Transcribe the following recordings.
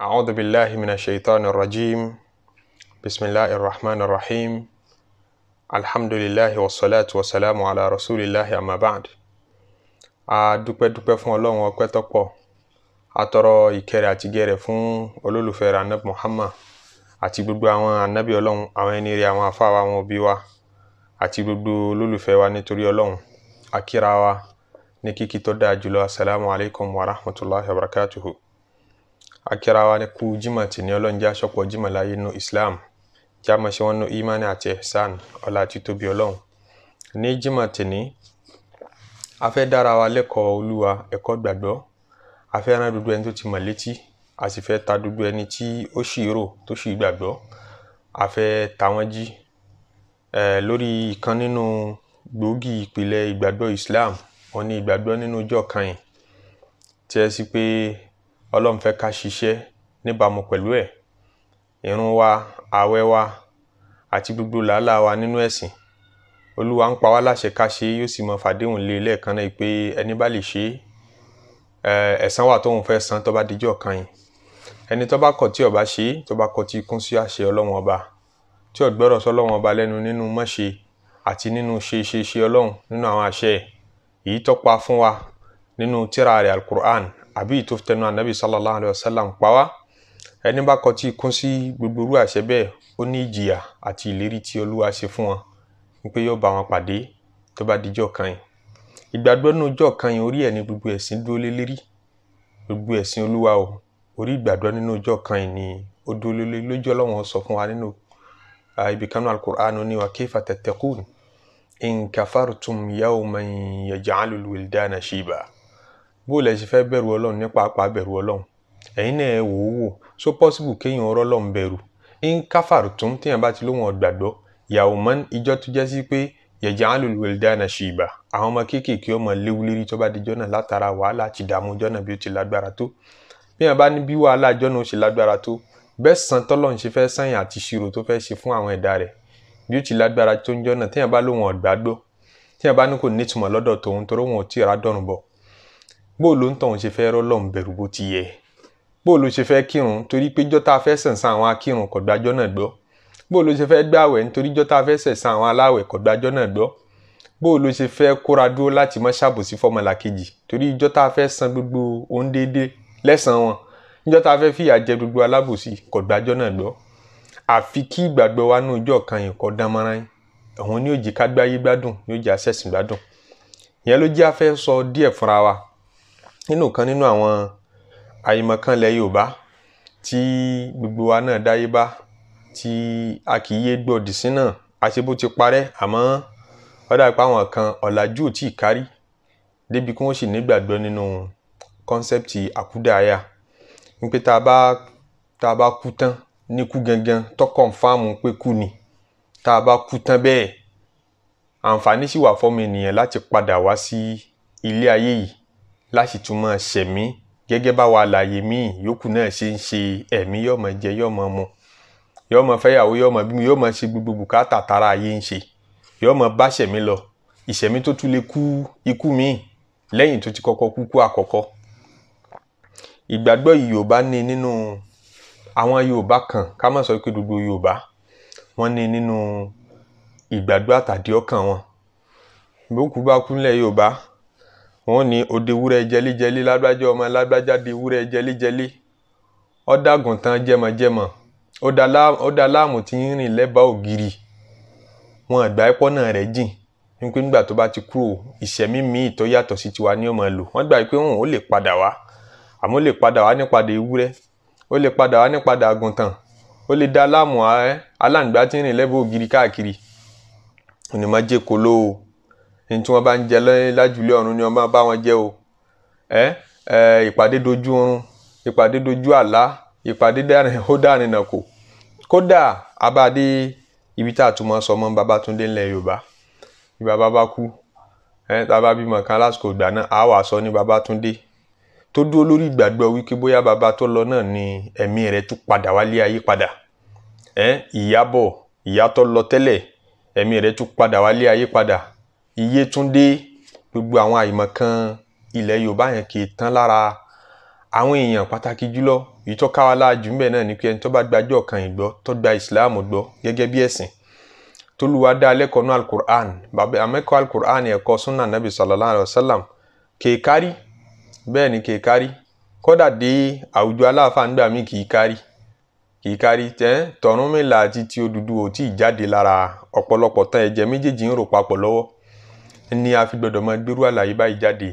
أعوذ بالله من الشيطان الرجيم بسم الله الرحمن الرحيم الحمد لله والصلاة والسلام على رسول الله أما بعد a dúpẹ́ dúpẹ́ fún ọlọ́run ọpẹ́ tọ́pọ̀ atọrọ ìkẹrẹ àti gẹrẹ fún olólùfẹ́ rẹ̀ anabi muhammad àti gbogbo àwọn anabi ọlọ́run àwọn ẹni rẹ̀ àwọn afáwa àwọn òbí wa àti gbogbo olólùfẹ́ wa nítorí ọlọ́run akíra wa ní kíkí tó dáa jùlọ asalaamualeykum wa rahmatulahi wa barakatuhu. a kirawa ne ku jima ti ne olon jasho ko jima la yinu islam jama shi wannu imani a ce san ola titu bi olon ni jima ti ni a fe darawa leko oluwa eko gbagbo a fe ran dudu en to ti maleti a si fe ta dudu eni ti o si ro to si gbagbo a fe ta won ji eh, lori ikan ninu gbogi ipile igbagbo islam oni igbagbo ninu ojo kan yin ti e si pe Ọlọ́run fẹ́ ká ṣiṣẹ́ níbàámu pẹ̀lú ẹ̀ ìrun wa ààwẹ̀ wa àti gbogbo làálàá wa nínú ẹ̀sìn Olúwa ń pa wá láṣẹ ká ṣe yóò sì mọ fàdéhùn lé e lẹ́ẹ̀kan náà pé ẹni bá lè ṣe ẹ̀san wà tóun fẹ́ san tó bá dijọ́ kan yìí ẹni tó bá kọ̀ tí ó bá ṣe tó bá kọ̀ tí kún sí àṣẹ Ọlọ́run ọba tí ó gbọ́rọ̀ sọ́lọ́run ọba lẹ́nu nínú mọ́ṣe àti nínú ṣe ṣe ṣe Ọlọ́run nínú àwọn àṣẹ yìí tó fún wa nínú tírà rẹ̀ alukur'an àbí ìtòfitẹnu anabi sallallahu alayhi wa sallam pa wá ẹni bá kọtí kún sí gbogbo irú àṣẹ bẹ́ẹ̀ ó ní ìjìyà àti ìlérí tí olúwa ṣe fún wọn wípé yóò bá wọn pàdé tó bá dijọ́ kan yìí ìgbàgbọ́ nínú ọjọ́ kan yìí orí ẹ̀ ní gbogbo ẹ̀sìn dúró lé lérí gbogbo ẹ̀sìn olúwa o orí ìgbàgbọ́ nínú ọjọ́ kan yìí ni ó dúró lé lérí lójú ọlọ́wọ́n sọ fún wa nínú ibi kanú alukur'an ní wa kayfa tattaqun in kafartum yawman yaj'alul wildana shiba bó lẹ ṣe fẹ́ bẹ̀rù ọlọ́run nípa àpá bẹ̀rù ọlọ́run ẹ̀yin náà wò ó wò so possible kéèyàn ọ̀rọ̀ ọlọ́run bẹ̀rù ń káfàrù tún téèyàn bá ti lóhun ọ̀gbàgbọ́ yàwó mọ́ ìjọ tó jẹ́ sí pé yẹ̀jẹ̀ á lòlù ẹ̀dáná ṣì ìbà àwọn ọmọ kéékèèké ọmọ léwu lérí tó bá di jọ́nà látara wàhálà ti dààmú jọ́nà bí ó ti lágbára tó bí wọn bá ní bí wàhálà jọ́nà ó ṣe lágbára tó bẹ́ẹ̀ san tọ́lọ́run ṣe fẹ́ sàn àti ìṣirò tó fẹ́ ṣe fún àwọn ẹ̀dá rẹ̀ bí ó ti lágbára tó ń jọ́nà téèyàn bá lóhun ọ̀gbàgbọ́ téèyàn bá ní kò nítumọ̀ lọ́dọ̀ tòun torí wọn ò tí rádọ́rùn bọ̀ bó ló ń tàn ṣe fẹ́ rọ́lọ́run bẹ̀rù bó ti yẹ bó ló ṣe fẹ́ kírun torí pé jọ́ta fẹ́ sàn sàn àwọn akírun kò gbàjọ́ náà gbọ́ bó ló ṣe fẹ́ gbàwẹ̀ nítorí jọ́ta fẹ́ sàn sàn àwọn aláwẹ̀ kò gbàjọ́ náà gbọ́ bó ló ṣe fẹ́ kóra dúró láti má ṣàbòsí fọ́mọlà kejì torí jọ́ta fẹ́ san gbogbo ohun déédéé lẹ́san wọn jọ́ta fẹ́ fìyà jẹ gbogbo alábòsí kò gbàjọ́ náà gbọ́ àfi kí ìgbàgbọ́ wa ní ojú ọ̀kan yìí kọ́ dánmọ́rán yìí òun ni ó jẹ́ ká gbáyé gbádùn ni ó jẹ́ àṣẹ̀sìn gbádùn ìyẹn ló jẹ́ afẹ́ sọ díẹ̀ fúnra wa nínú kan nínú àwọn àìmọ̀kànlẹ̀ yorùbá tí gbogbo wa náà dáyé bá tí a kì í yé gbòdì sí náà àṣẹ bó ti parẹ́ àmọ́ ó dà pé àwọn kan ọ̀làjú ò tí ì kárí débi kí wọ́n sì nígbàgbọ́ nínú kọ́nsẹ́pìtì àkúdàáyà wípé tá a bá kú tán ní gangan tó kọ̀nfàmù pé kú ni tá a bá kú tán bẹ́ẹ̀ àǹfààní sì wà fọ́mọ ènìyàn láti padà wá sí ilé ayé yìí láti tún máa ṣẹ̀mí gẹ́gẹ́ báwa àlàyé míì yòókù náà ṣe ń ṣe ẹ̀mí yọ̀mọ jẹ yọ̀mọ mu yọ̀mọ fẹ́yàwó yọ̀mọ bímọ yọ̀mọ ṣe gbogbo bùkátà tára ayé ń ṣe yọ̀mọ bá ṣẹ̀mí lọ ìṣẹ̀mí tó tún lè kú ikú míì lẹ́yìn tó ti kọ́kọ́ kú kú àkọ́kọ́ ìgbàgbọ́ Yorùbá ní nínú àwọn Yorùbá kan ká má sọ pé gbogbo Yorùbá wọ́n ní nínú ìgbàgbọ́ àtàdé ọkàn wọn ìbókú bá kú Yorùbá wọ́n ní ó di wúrẹ́ jẹ́líjẹ́lí ọmọ lágbájá di tí ń rìn lẹ́bàá ògiri wọn àgbà náà jìn wípé nígbà tó bá ti kúrò ìṣẹ̀mí míì tó yàtọ̀ sí tiwa ni ó máa lò wọn gbà pé ò lè padà wá ó lè padà wá nípadà ó lè padà wá nípadà àgùntàn ó lè dá tí ń rìn ògiri ní tí wọ́n bá ń jẹ lájùlé ọ̀run ni wọ́n máa bá wọn jẹ o ẹ ẹ ìpàdé dojú oorun ìpàdé dojú àlá ìpàdé dárin ó dárin nà kò kódà abáde ibi tá a tún máa sọ mọ́ Babátúndé ńlẹ̀ Yorùbá bí bàbá bá kú ẹ tá a bá bímọ kan lásìkò ìgbà náà á wà ní Babátúndé tó dúró lórí ìgbàgbọ́ wípé bóyá bàbá tó lọ náà ni ẹ̀mí rẹ̀ tún padà wálé ayé padà ẹ ìyàbọ̀ ìyá tó lọ tẹ́lẹ̀ ẹ̀mí rẹ̀ tún padà wálé ayé padà Ìyétúndé gbogbo àwọn àìmọ̀kan ilẹ̀ Yorùbá yẹn kì í tán lára àwọn èèyàn pàtàkì jùlọ èyí tó ká wa láàjú ńbẹ̀ náà ni pé ẹni tó bá gbàjọ́ kan ìgbọ́ tó gba Islam gbọ́ gẹ́gẹ́ bí ẹ̀sìn tolúwa dá lẹ́kọ̀ọ́ ní alukur'an bàbá amẹ́kọ̀ọ́ alukur'an ẹ̀kọ́ sunna nabi sallallahu alayhi wa sallam kì í bẹ́ẹ̀ ni kì í kárí kódà dé àwùjọ aláàfáà ńgbà mí kì í kárí kì í kárí tẹ́ Ọ̀rúnmìlà àti ti Odùduwà ò tí ì jáde lára ọ̀pọ̀lọpọ̀ tán ẹ̀jẹ̀ méjèèjì ń rò papọ̀ lọ́wọ́ ni a fi gbọ́dọ̀ máa gbérú àlàyé báyìí jáde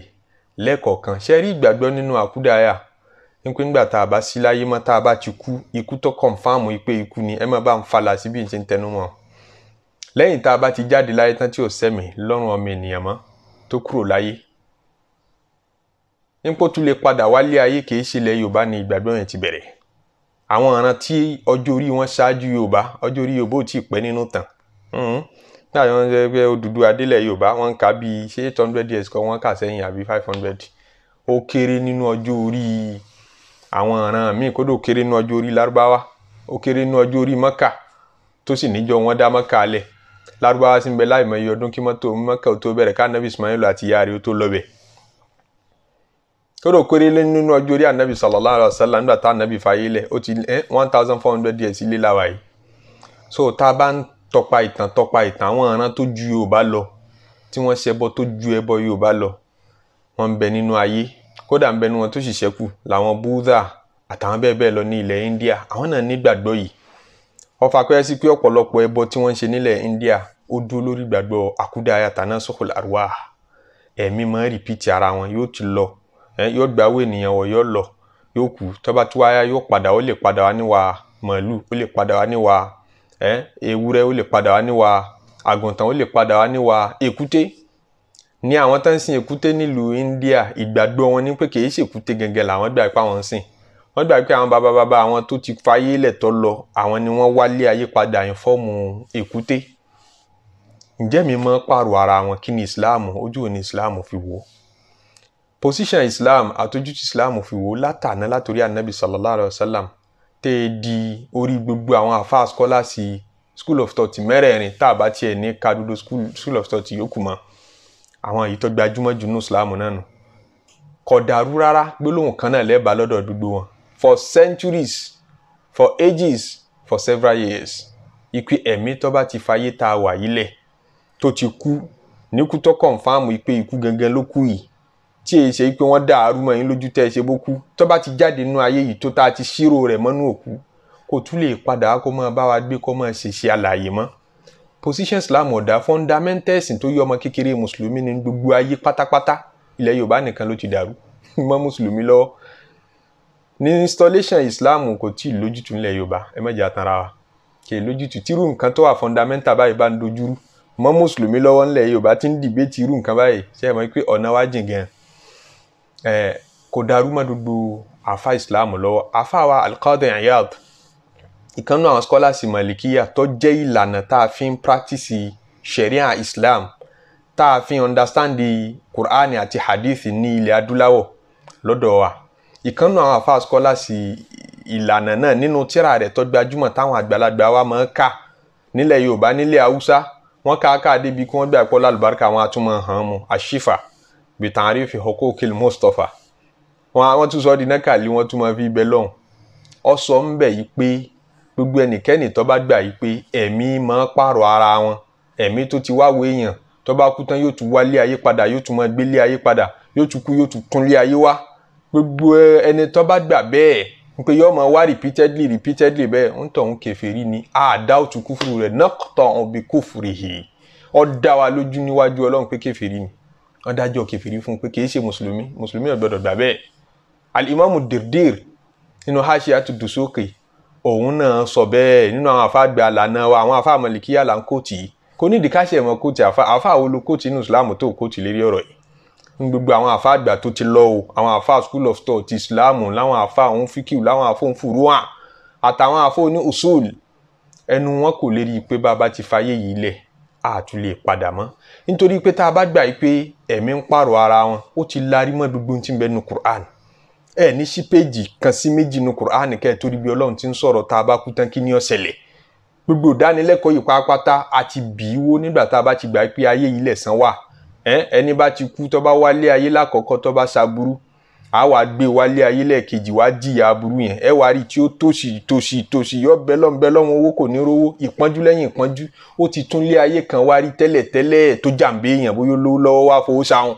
lẹ́ẹ̀kọ̀ọ̀kan ṣe rí ìgbàgbọ́ nínú àkúdàáyà wípé nígbà tá a bá sí láyé mọ́ tá a bá ti kú ikú tó kọ̀nfàmù pé ikú ni ẹ má bá ń falà sí bí n ṣe ń tẹnu mọ́ lẹ́yìn tá a bá ti jáde láyé tán tí ò sẹ́mi lọ́rùn ọmọ ènìyàn mọ́ tó kúrò láyé nípò tún lè padà wálé ayé kì í Yorùbá ni ìgbàgbọ́ yẹn ti bẹ̀rẹ̀ àwọn ìran tí ọjọ́ orí wọn ṣáájú Yorùbá ọjọ́ orí Yorùbá ò tí pẹ́ nínú tàn hmm nígbà tí wọ́n ń pẹ́ Odùduwà dé ilẹ̀ Yorùbá wọ́n ń ka bíi ṣé eight hundred years kan wọ́n kà sẹ́yìn àbí five hundred ó kéré nínú ọjọ́ orí àwọn ọ̀ràn míì kódà ó kéré nínú ọjọ́ orí Lárúbáwá ó kéré nínú ọjọ́ orí Mọ́kà tó sì níjọ wọn dá Mọ́kà lẹ̀ Lárúbáwá sì ń bẹ láì mọ iye ọdún kí mọ́tò Mọ́kà tó bẹ̀rẹ̀ ká Ànábì Ismail àti ìyá rẹ̀ tó lọ bẹ̀ kódà kéré nínú ọjọ́ orí Ànábì sallallahu alaihi wasallam nígbà tá Ànábì fàyè lẹ̀ one thousand four hundred years ilé làwà so tá tọpa ìtàn tọpa ìtàn àwọn ìran tó ju Yorùbá lọ tí wọ́n ṣẹbọ tó ju ẹbọ Yorùbá lọ wọ́n ń bẹ nínú ayé kódà ń bẹ nínú wọn tó sì ṣẹ́kù làwọn Buddha àtàwọn bẹ́ẹ̀ bẹ́ẹ̀ lọ ní ilẹ̀ India àwọn náà nígbàgbọ́ yìí ọfà pẹ́ sí pé ọ̀pọ̀lọpọ̀ ẹbọ tí wọ́n ń ṣe nílẹ̀ India ó dúró lórí ìgbàgbọ́ àkúdáyà tàná sọ́kòlá àrùwá ẹ̀mí máa ń rìpíìtì ara wọn yóò ti lọ yóò gbàwé ènìyàn wọ̀ yóò lọ yóò kú tọ́ba tí wáyà yóò padà ó lè padà wá níwà màálù ó lè padà wá níwà ẹ́ ewúrẹ́ ó lè padà wá níwà àgùntàn ó lè padà wá níwà èkúté ní àwọn tó ń sin èkúté nílùú India ìgbàgbọ́ wọn ní pé kìí ṣèkúté gẹ́gẹ́ làwọn gbà pé àwọn ń sìn wọ́n gbà pé àwọn bàbá bàbá àwọn tó ti fayé lẹ̀tọ́ lọ àwọn ni wọ́n wálé ayé padà yẹn fọ́ọ̀mù èkúté ǹjẹ́ mi mọ́ pààrọ̀ ara wọn kí ni Islam ojú òní Islam fi wò ó position Islam àtọ́jú ti Islam fi wò ó látàná látòrí anabi sallallahu alayhi wa sallam tẹ́ ẹ di orí gbogbo àwọn àfa scholars school of thought mẹ́rẹ̀ẹ̀rin tá a bá tiẹ̀ ní Kadodo school, school of thought yòókù mọ́ àwọn èyí tó gbajúmọ̀ jù ní Islam náà nù kò dàrú rárá gbólóhùn kan náà lẹ́ẹ̀bà lọ́dọ̀ gbogbo wọn for centuries for ages for several years ikú ẹ̀mí tó bá ti fayé tá a wà yìí lẹ̀ tó ti kú níkú tó kọ̀ǹfàmù ipe ikú gangan ló kú yìí tí èyí ṣe pé wọ́n dá àrùmọ̀ yín lójú tẹ́ ẹ ṣe bó kú tó bá ti jáde nínú ayé yìí tó tá a ti ṣírò rẹ̀ mọ́nú òkú kò tún lè padà kó máa bá wa gbé kó máa ṣèṣe àlàyé mọ́ position Islam ọ̀dà fundamentals tó yọ ọmọ kékeré mùsùlùmí ní gbogbo ayé pátápátá ilẹ̀ Yorùbá nìkan ló ti dàrú mọ́ mùsùlùmí lọ́wọ́ ní installation Islam kò tí ì lójútùú nílẹ̀ Yorùbá ẹ má àtàrà wa kì í lójútùú tírú nǹkan tó wà fundamental báyìí bá ń dojúrú mọ́ mùsùlùmí lọ́wọ́ nílẹ̀ Yorùbá ti ń dìbé tírú nǹkan báyìí ṣe é mọ̀ pé ọ̀nà wa jìn gan-an kò dàrú mọ́ gbogbo àfa islam lọ́wọ́ àfa wa alqadi iyad ìkànnì àwọn scholars malikiya tó jẹ́ ìlànà tá a fi ń practice sharia islam tá a fi understand qur'an àti hadith ní ilẹ̀ adúláwọ̀ lọ́dọ̀ wa ìkànnì àwọn àfa scholars ìlànà náà nínú tíra rẹ̀ tó gbajúmọ̀ táwọn àgbàlagbà wa máa ń kà nílẹ̀ yorùbá nílẹ̀ haúsá wọ́n ká ká débi kí wọ́n gbà pọ́ lálùbáríkà àwọn atúmọ̀ hàn mọ́ àṣìfà bitarifi hukukil Mustafa wọn àwọn tún sọ di nákàlí wọn tún máa fi ibẹ lọhùn ọ sọ ń bẹ yìí pé gbogbo ẹnikẹ́ni tó bá gbà yìí pé ẹ̀mí máa pààrọ̀ ara wọn ẹ̀mí tó ti wá wéèyàn tó bá kú tán yóò tún wálé ayé padà yóò tún máa gbélé ayé padà yóò tún kú yóò tún túnlé ayé wá gbogbo e, ẹni tó gbà bẹ́ẹ̀ pé yóò máa wá repeatedly repeatedly bẹ́ẹ̀ ń tọ̀hún kèfèrí ni àdá òtún kúfùrù rẹ̀ náà tọ̀hún bí kúfùrù yìí ó dá wa lójú níwájú ọlọ́run pé kèfèrí ni wọ́n dájọ́ kẹfìrí fún un pé kìí ṣe mùsùlùmí mùsùlùmí ò gbọdọ̀ gbà bẹ́ẹ̀ alimami dirdir nínú haṣíà tó dùn sókè òun náà sọ bẹ́ẹ̀ nínú àwọn afá àgbà àlànà wa àwọn afá àmọ̀lìkíyà là ń kóòtì kò ní ìdíkàṣe ẹ̀mọ́ kóòtì afá afá àwọn olùkóòtì nínú islam tó kóòtì lérí ọ̀rọ̀ yìí gbogbo àwọn àfa àgbà tó ti lọ o àwọn àfa school of thought ti islam láwọn àfa òun fíkìw láwọn àfa òun fùrúwà àtàwọn àfa òní usul ẹnu wọn kò lérí pé bàbá ti fàyè yìí lẹ̀ àtún lè padà mọ́ nítorí pé tá a bá gbà pé ẹ̀mí ń pààrọ̀ ara wọn ó ti larí mọ́ gbogbo ohun tí ń bẹ nu Qur'an ẹ ní sí péjì kan sí méjì nu Qur'an kẹ́ ẹ̀ torí bí Ọlọ́run ti ń sọ̀rọ̀ tá a bá kú tán kí ni ó ṣẹlẹ̀ gbogbo ìdánilẹ́kọ̀ọ́ yìí pátápátá àti bì í wó nígbà tá a bá ti gbà pé ayé ilẹ̀ sàn wà ẹni bá ti kú tó bá wálé ayé lákọ̀ọ́kọ́ tó bá ṣaburú a wá gbé wálé ayé lẹ́ẹ̀kejì wá jìyà aburú yẹn ẹ wá rí tí ó tòṣì tòṣì tòṣì yọ bẹ́lọ́n bẹ́lọ́n owó kò ní rówó ìpọ́njú lẹ́yìn ìpọ́njú ó ti tún lé ayé kan wá rí tẹ́lẹ̀ tẹ́lẹ̀ tó jàǹbé èèyàn bóyá lówó lọ́wọ́ wá fowó sáhùn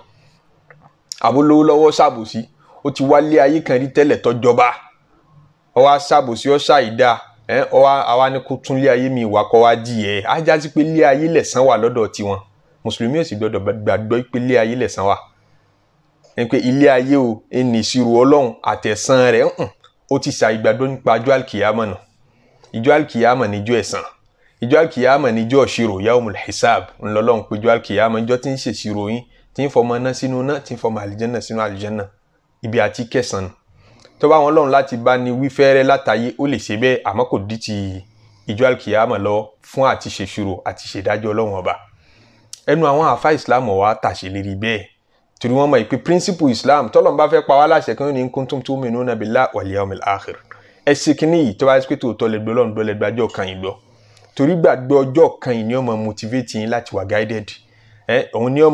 àbó lọ́wọ́ ṣàbòsí ó ti wálé ayé kan rí tẹ́lẹ̀ tọ́jọba ó wá ṣàbòsí ṣàìdá ẹ ó àwa ni kó tún lé ayé mi ìwà kọ́ wá jìyẹ ajá sí pé lé ayé lẹ̀san wà lọ́dọ̀ tiwọn mùsùlùmí ò sì gbọdọ̀ gbàgbọ́ pé lé ayé lẹ̀san wà ẹni pé ilé ayé o ẹni ìṣirò ọlọ́run àtẹ̀sán rẹ̀ ń ó ti ṣàìgbàdo nípa ìjọ alkiyama nù ìjọ alkiyama níjọ ẹ̀san ìjọ alkiyama níjọ ìṣirò yaumul hisab ńlọlọ́run pé ìjọ alkiyama ìjọ tí ń ṣèṣirò yín tí ń fọmọ iná sínú iná tí ń fọmọ àlìjẹ́nà sínú àlìjẹ́nà ibi àti kẹsàn án tó bá wọn lọ́run láti bá ní wífẹ́rẹ́ látàyé ó lè ṣe bẹ́ẹ̀ àmọ́ kò dí ti ìjọ alkiyama lọ fún àti ṣèṣirò àti ṣèdájọ́ ọlọ́run ọba ẹnu àwọn àfa ìsìlámù wa tàṣe lérí bẹ́ẹ̀ torí wọ́n mọ̀ ìpè principle islam tọ́lọ̀ ń bá fẹ́ pa wá láṣẹ kan ní kuntum tu'minuna billahi wal yawmil akhir ẹ ṣe kínní yìí tó bá ṣe pé tòótọ́ lè gbọ́ lọ́nà gbọ́lẹ̀ gbàjọ́ kan yìí gbọ́ torí gbàgbọ́ ọjọ́ kan yìí ni ó máa motivate yín láti wà guided ẹ òun ni ó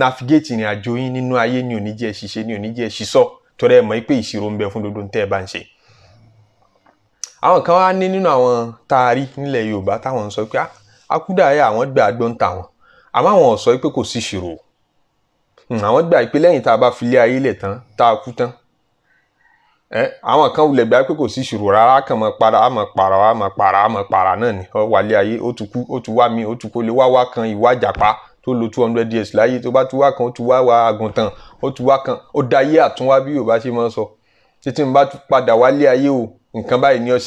navigate ìrìn àjò yín nínú ayé ni ò ní jẹ́ ṣiṣẹ́ ni ò ní jẹ́ ṣiṣọ́ torí ẹ mọ̀ pé ìṣirò ń bẹ fún gbogbo tẹ́ ẹ bá ń ṣe. àwọn kan wá ní nínú àwọn taari nílẹ̀ Yorùbá táwọn ń sọ pé ah, akúdàáyà àwọn gbà gbọ́n àmọ́ àwọn sọ pé kò sí ìṣirò Hmm, àwọn gbà pé lẹ́yìn tá a bá filé ayé lẹ̀ tán tá a kú tán ẹ àwọn kan wulẹ̀ gbà pé kò sí ìṣòro rárá kàn mọ́ para á mọ́ para á mọ́ para á mọ́ para náà ni ọ wà lé ayé ó tún kú ó tún wá mi ó tún kó lè wá wá kan ìwà àjàpá tó lo two hundred years láyé tó bá tún wá kan ó tún wá wá àgùntàn ó tún wá kan ó da ayé àtúnwá bí yorùbá ṣe máa ń sọ títí n bá padà wá lé ayé o nǹkan báyìí ní ó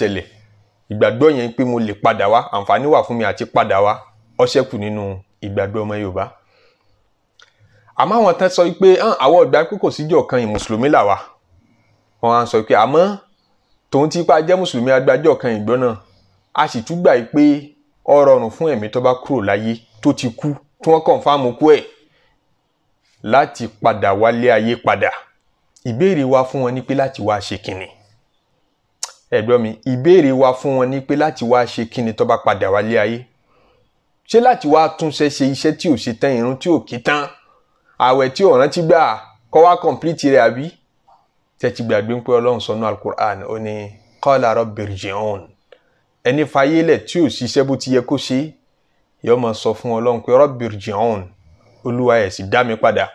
ìgbàgbọ́ yẹn pé mo lè padà wá àǹfààní wà fún mi àti padà wá ó nínú ìgbàgbọ́ ọmọ yorùbá àmọ́ àwọn tán sọ pé àwọn ọ̀gbà pé kò síjọ kan ìmùsùlùmí làwà wọn á sọ pé àmọ́ tòun ti pa jẹ́ mùsùlùmí agbájọ́ kan ìgbọ́n náà a sì tún gbà pé ó rọrùn fún ẹ̀mí tó bá kúrò láyé tó ti kú tí wọ́n kàn fáàmù kú ẹ̀ láti padà wálé ayé padà ìbéèrè wa fún wọn ni pé láti wá ṣe kínni ẹ̀gbọ́n mi ìbéèrè wa fún wọn ni pé láti wá ṣe kínni tó bá padà wálé ayé ṣé láti wá túnṣe ṣe iṣẹ́ tí ò ṣe tán irun tí ò kí tán ààwẹ̀ tí ò rántí gbà kọ́ wá kọ̀m̀plìtì rẹ̀ àbí tẹ́tí gbàgbé ń pé ọlọ́run sọnú alukur'an ó ní qala rabbi rji'un ẹni fayélẹ̀ tí ò ṣiṣẹ́ bó ti yẹ kó ṣe yọ máa sọ fún ọlọ́run pé rabbi rji'un olúwa ẹ̀ sì dá mi padà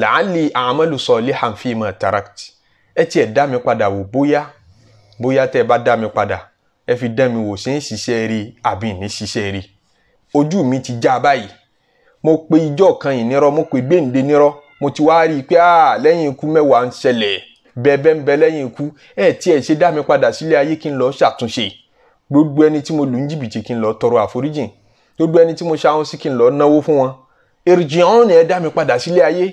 la'alli a'malu salihan fima tarakt ẹ tiẹ̀ dá mi padà wò bóyá bóyá tẹ́ ẹ bá dá mi padà ẹ fi dá mi wò ṣe ń ṣiṣẹ́ rí àbí ní ṣiṣẹ́ rí ojú mi ti já báyìí mo pe ijọ́ kan yìí nírọ́ mo pe gbéǹde nírọ́ mo ti wá rí i pé ah lẹ́yìn ikú mẹ́wàá ń ṣẹlẹ̀ bẹ́ẹ̀bẹ́ ń bẹ lẹ́yìn ikú ẹ̀ tí ẹ̀ ṣe dá mi padà sílé ayé kí n lọ ṣàtúnṣe gbogbo ẹni tí mo lù ń jìbìtì kí n lọ tọrọ àforíjìn gbogbo ẹni tí mo ṣahun sí kí n lọ náwó fún wọn èrìjì ọ̀hún ni ẹ dá mi padà sílé ayé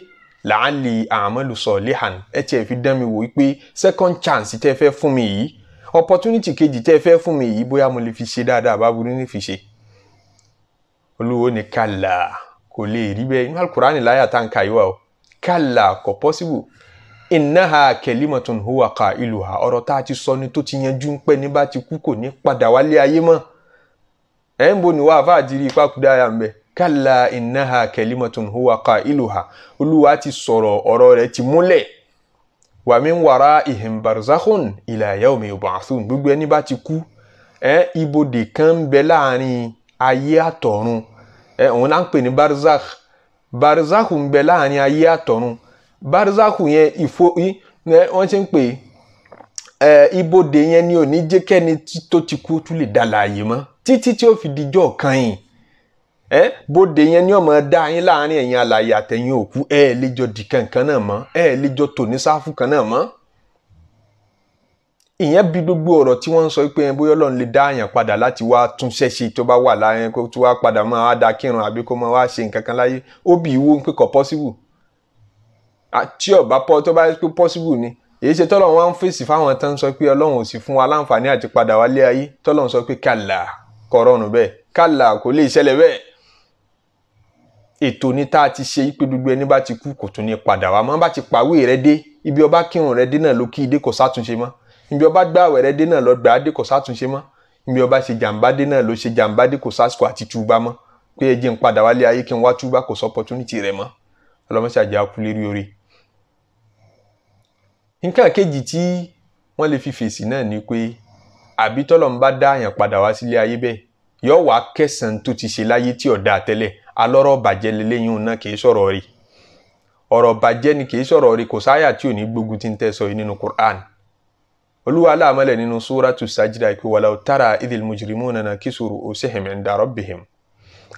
làálì àmọ́lù sọ̀lẹ́hàn ẹ tiẹ̀ fi dán mi wò pé second chance tẹ́ fẹ́ fún mi yìí opportunity kejì tẹ́ fẹ́ fún mi yìí bóyá mo lè fi ṣe dáadáa bá burú ní ṣe olúwo ní kàlà kò lè rí bẹ́ẹ̀ inú alukur'ani láyà tá n kà yíwá o kálá kò pọ́sibù ìnáha kẹlímọ̀tún hùwà ká ìlú ha ọ̀rọ̀ tá a ti sọ ni tó ti yanjú ń pẹ́ nígbà tí kú kò ní padà wálé ayé mọ́ ẹ̀ ń bo níwá àfa àdìrí ipá kúdá yà ń bẹ kálá ìnáha kẹlímọ̀tún hùwà ká ìlú ha olúwa ti sọ̀rọ̀ ọ̀rọ̀ rẹ̀ ti múlẹ̀ wàmí wàrà ìhìn barzakhun ìlà yawmi yub'athun gbogbo ẹni bá ti kú ẹ ibodè kan ń bẹ láàrin ayé àtọ̀run ẹ eh, òun náà ń pè ní barzakh barzakh ń bẹ láàrin ayé àtọ̀run barzakh yẹn ìfo wọ́n ṣe ń pè ẹ ibodè yẹn ni ò ní jẹ́ kẹ́ni tó ti kú tún lè dá láàyè mọ́ títí tí ó fi dijọ́ kan yìí ẹ bodè yẹn ni ọmọ dá yín láàrin ẹ̀yin alààyè àtẹ̀yin òkú ẹ ẹ lè náà mọ́ ẹ ẹ sáfù kan náà mọ́ ìyẹn bí gbogbo ọ̀rọ̀ tí wọ́n ń sọ pé bóyá ọlọ́run lè dá àyàn padà láti wá túnṣe ṣe tó bá wà láàrin kó tó wá padà máa wá da kírun àbí kó máa wá ṣe nǹkan kan láyé ó bí ìwó ń pè kọ́ pọ́síbù tí ọ̀bá pọ́ tó bá pé pọ́síbù ni èyí ṣe tọ́lọ́run wá ń fèsì fáwọn tán ń sọ pé ọlọ́run ò sì fún wa láǹfààní àti padà wálé ayé tọ́lọ́run sọ pé kàlà kọ̀rọ̀nù bẹ́ẹ̀ kàlà kò lè ṣẹlẹ̀ bẹ́ẹ̀ ètò ni tá a ti ṣe pé gbogbo ẹni bá ti kú kò tún ní padà wá mọ́ bá ti pàwé rẹ dé ibi ọba kírun rẹ dé náà ló kí i kò sátúnṣe mọ́ ibi ọba gbá àwẹ̀rẹ́ dé náà lọ gbà á dé kò sátúnṣe mọ́ ibi ọba ṣe jàǹbá dé náà ló ṣe jàǹbá dé kò sásìkò àti túbá mọ́ pé ẹ jẹ́ n padà wálé ayé kí n wá túbá kò sọ opportunity rẹ̀ mọ́ ọlọ́mọṣàjà kúlé rí orí. nǹkan kejì tí wọ́n lè fi fèsì náà ni pé àbí tọ́lọ̀ ń bá dá àyàn padà wá sílé ayé bẹ́ẹ̀ yọ wá kẹsàn-án tó ti ṣe láyé tí ọ̀dà tẹ́lẹ̀ alọ́rọ̀ bàjẹ́ lélẹ́yìn náà kì í sọ̀rọ̀ rí ọ̀rọ̀ bàjẹ́ ni kì í sọ̀rọ̀ rí kò sáyà tí ò ní gbógun ti ń tẹ́ sọ yìí nínú Qur'an olúwa aláàmọ́lẹ̀ nínú suratu sajida pé walau tara idil mujrimuna nakisu ru'usihim inda rabbihim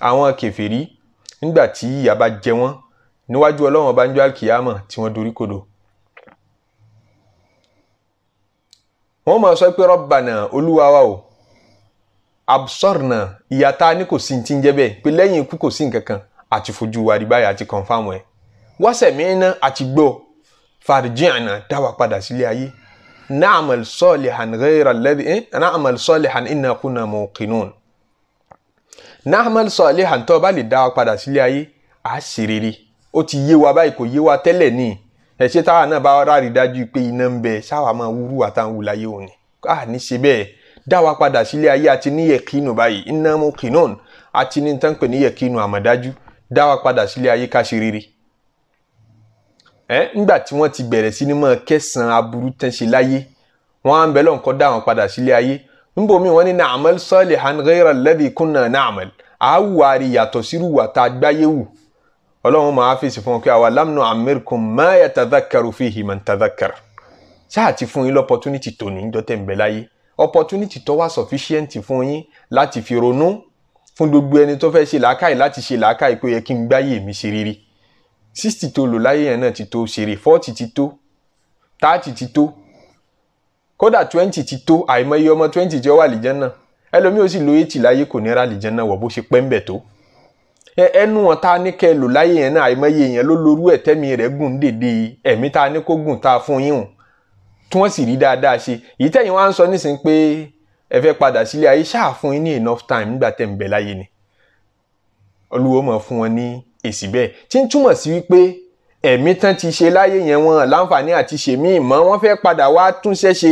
àwọn kèfèrí nígbà tí ìyà bá jẹ wọ́n níwájú ọlọ́run ọba ń jọ alkiyama tí wọ́n dorí kodò wọ́n máa sọ pé rọ́bànà olúwa wa o absorna ìyàtá ni kò sí ti ń jẹ́ bẹ́ẹ̀ pé lẹ́yìn ikú kò sí nǹkan kan àti fojú wa báyìí àti kọ̀ǹfàmù ẹ̀ wọ́sẹ̀ mìíràn àti gbọ́ fàrìjìànà dá wa padà sílé ayé نعمل salihan غير الذي na'mal salihan inna kunna muqinun na'mal salihan tó o bá lè dá wa padà sílé ayé a sì rere ó ti yé wa báyìí kò yé wa tẹ́lẹ̀ ní ẹ̀ṣẹ̀ táwa náà bá rárí dájú pé iná ń bẹ sáwa máa wúrú àtàwọn wùláyé òní a ní ṣe dá wa padà sílé ayé àti ní yẹ̀kínù báyìí inna muqinun àti ní tán ní yẹ̀kínù àmọ̀dájú dá wa padà sílé ayé ká ṣe rere ẹ ńgbà tí wọ́n ti bẹ̀rẹ̀ sí ni máa kẹsàn aburú tán ṣe láyé wọ́n á ń bẹ lọ́n kọ́ dá wọn padà sílé ayé níbo mi wọ́n ní na'amal salihan ghayra alladhi kunna na'amal àáwùwárí yàtọ̀ sírú wà tá a gbáyé wù ọlọ́run máa fèsì fún wọn pé àwa lam nu'ammirkum ma yatadhakkaru fihi man tadhakkar ṣáà ti fún yín lọ́pọ̀tunítì tó ní dọ́tẹ̀ ń láyé opportunity tó wá sufficient fún yín láti fi ronú fún gbogbo ẹni tó fẹ́ ṣe làákàyè láti ṣe làákàyè pé ó yẹ kí n gbáyé mi ṣe rere sixty tó lò láyé yẹn náà ti tó ṣèrè forty ti tó thirty ti tó kódà twenty ti tó àìmọye ọmọ twenty tí ó wà lìjẹ́ náà ẹlòmíì ó sì lo eighty láyé kò ní ra lìjẹ́ náà wọ̀ bó ṣe pẹ́ ń bẹ̀ tó ẹnu wọn tá a ní kẹ lò láyé yẹn náà àìmọye yẹn ló lorú ẹ̀tẹ́mi rẹ̀ gùn dèdè ẹ̀mí tá a ní kó gùn tá fún yín hùn tí wọ́n sì rí dáadáa ṣe èyí tẹ̀yìn wá ń sọ nísìnyí pé ẹ fẹ́ padà sílé ayé ṣáà fún yín ní enough time nígbà tẹ̀ ń bẹ láyé ni olúwo mọ̀ fún wọn ní èsì bẹ́ẹ̀ tí ń túmọ̀ sí wípé ẹ̀mí tán ti ṣe láyé yẹn wọn láǹfààní àti ṣe míì mọ́ wọ́n fẹ́ padà wá túnṣẹ́ ṣe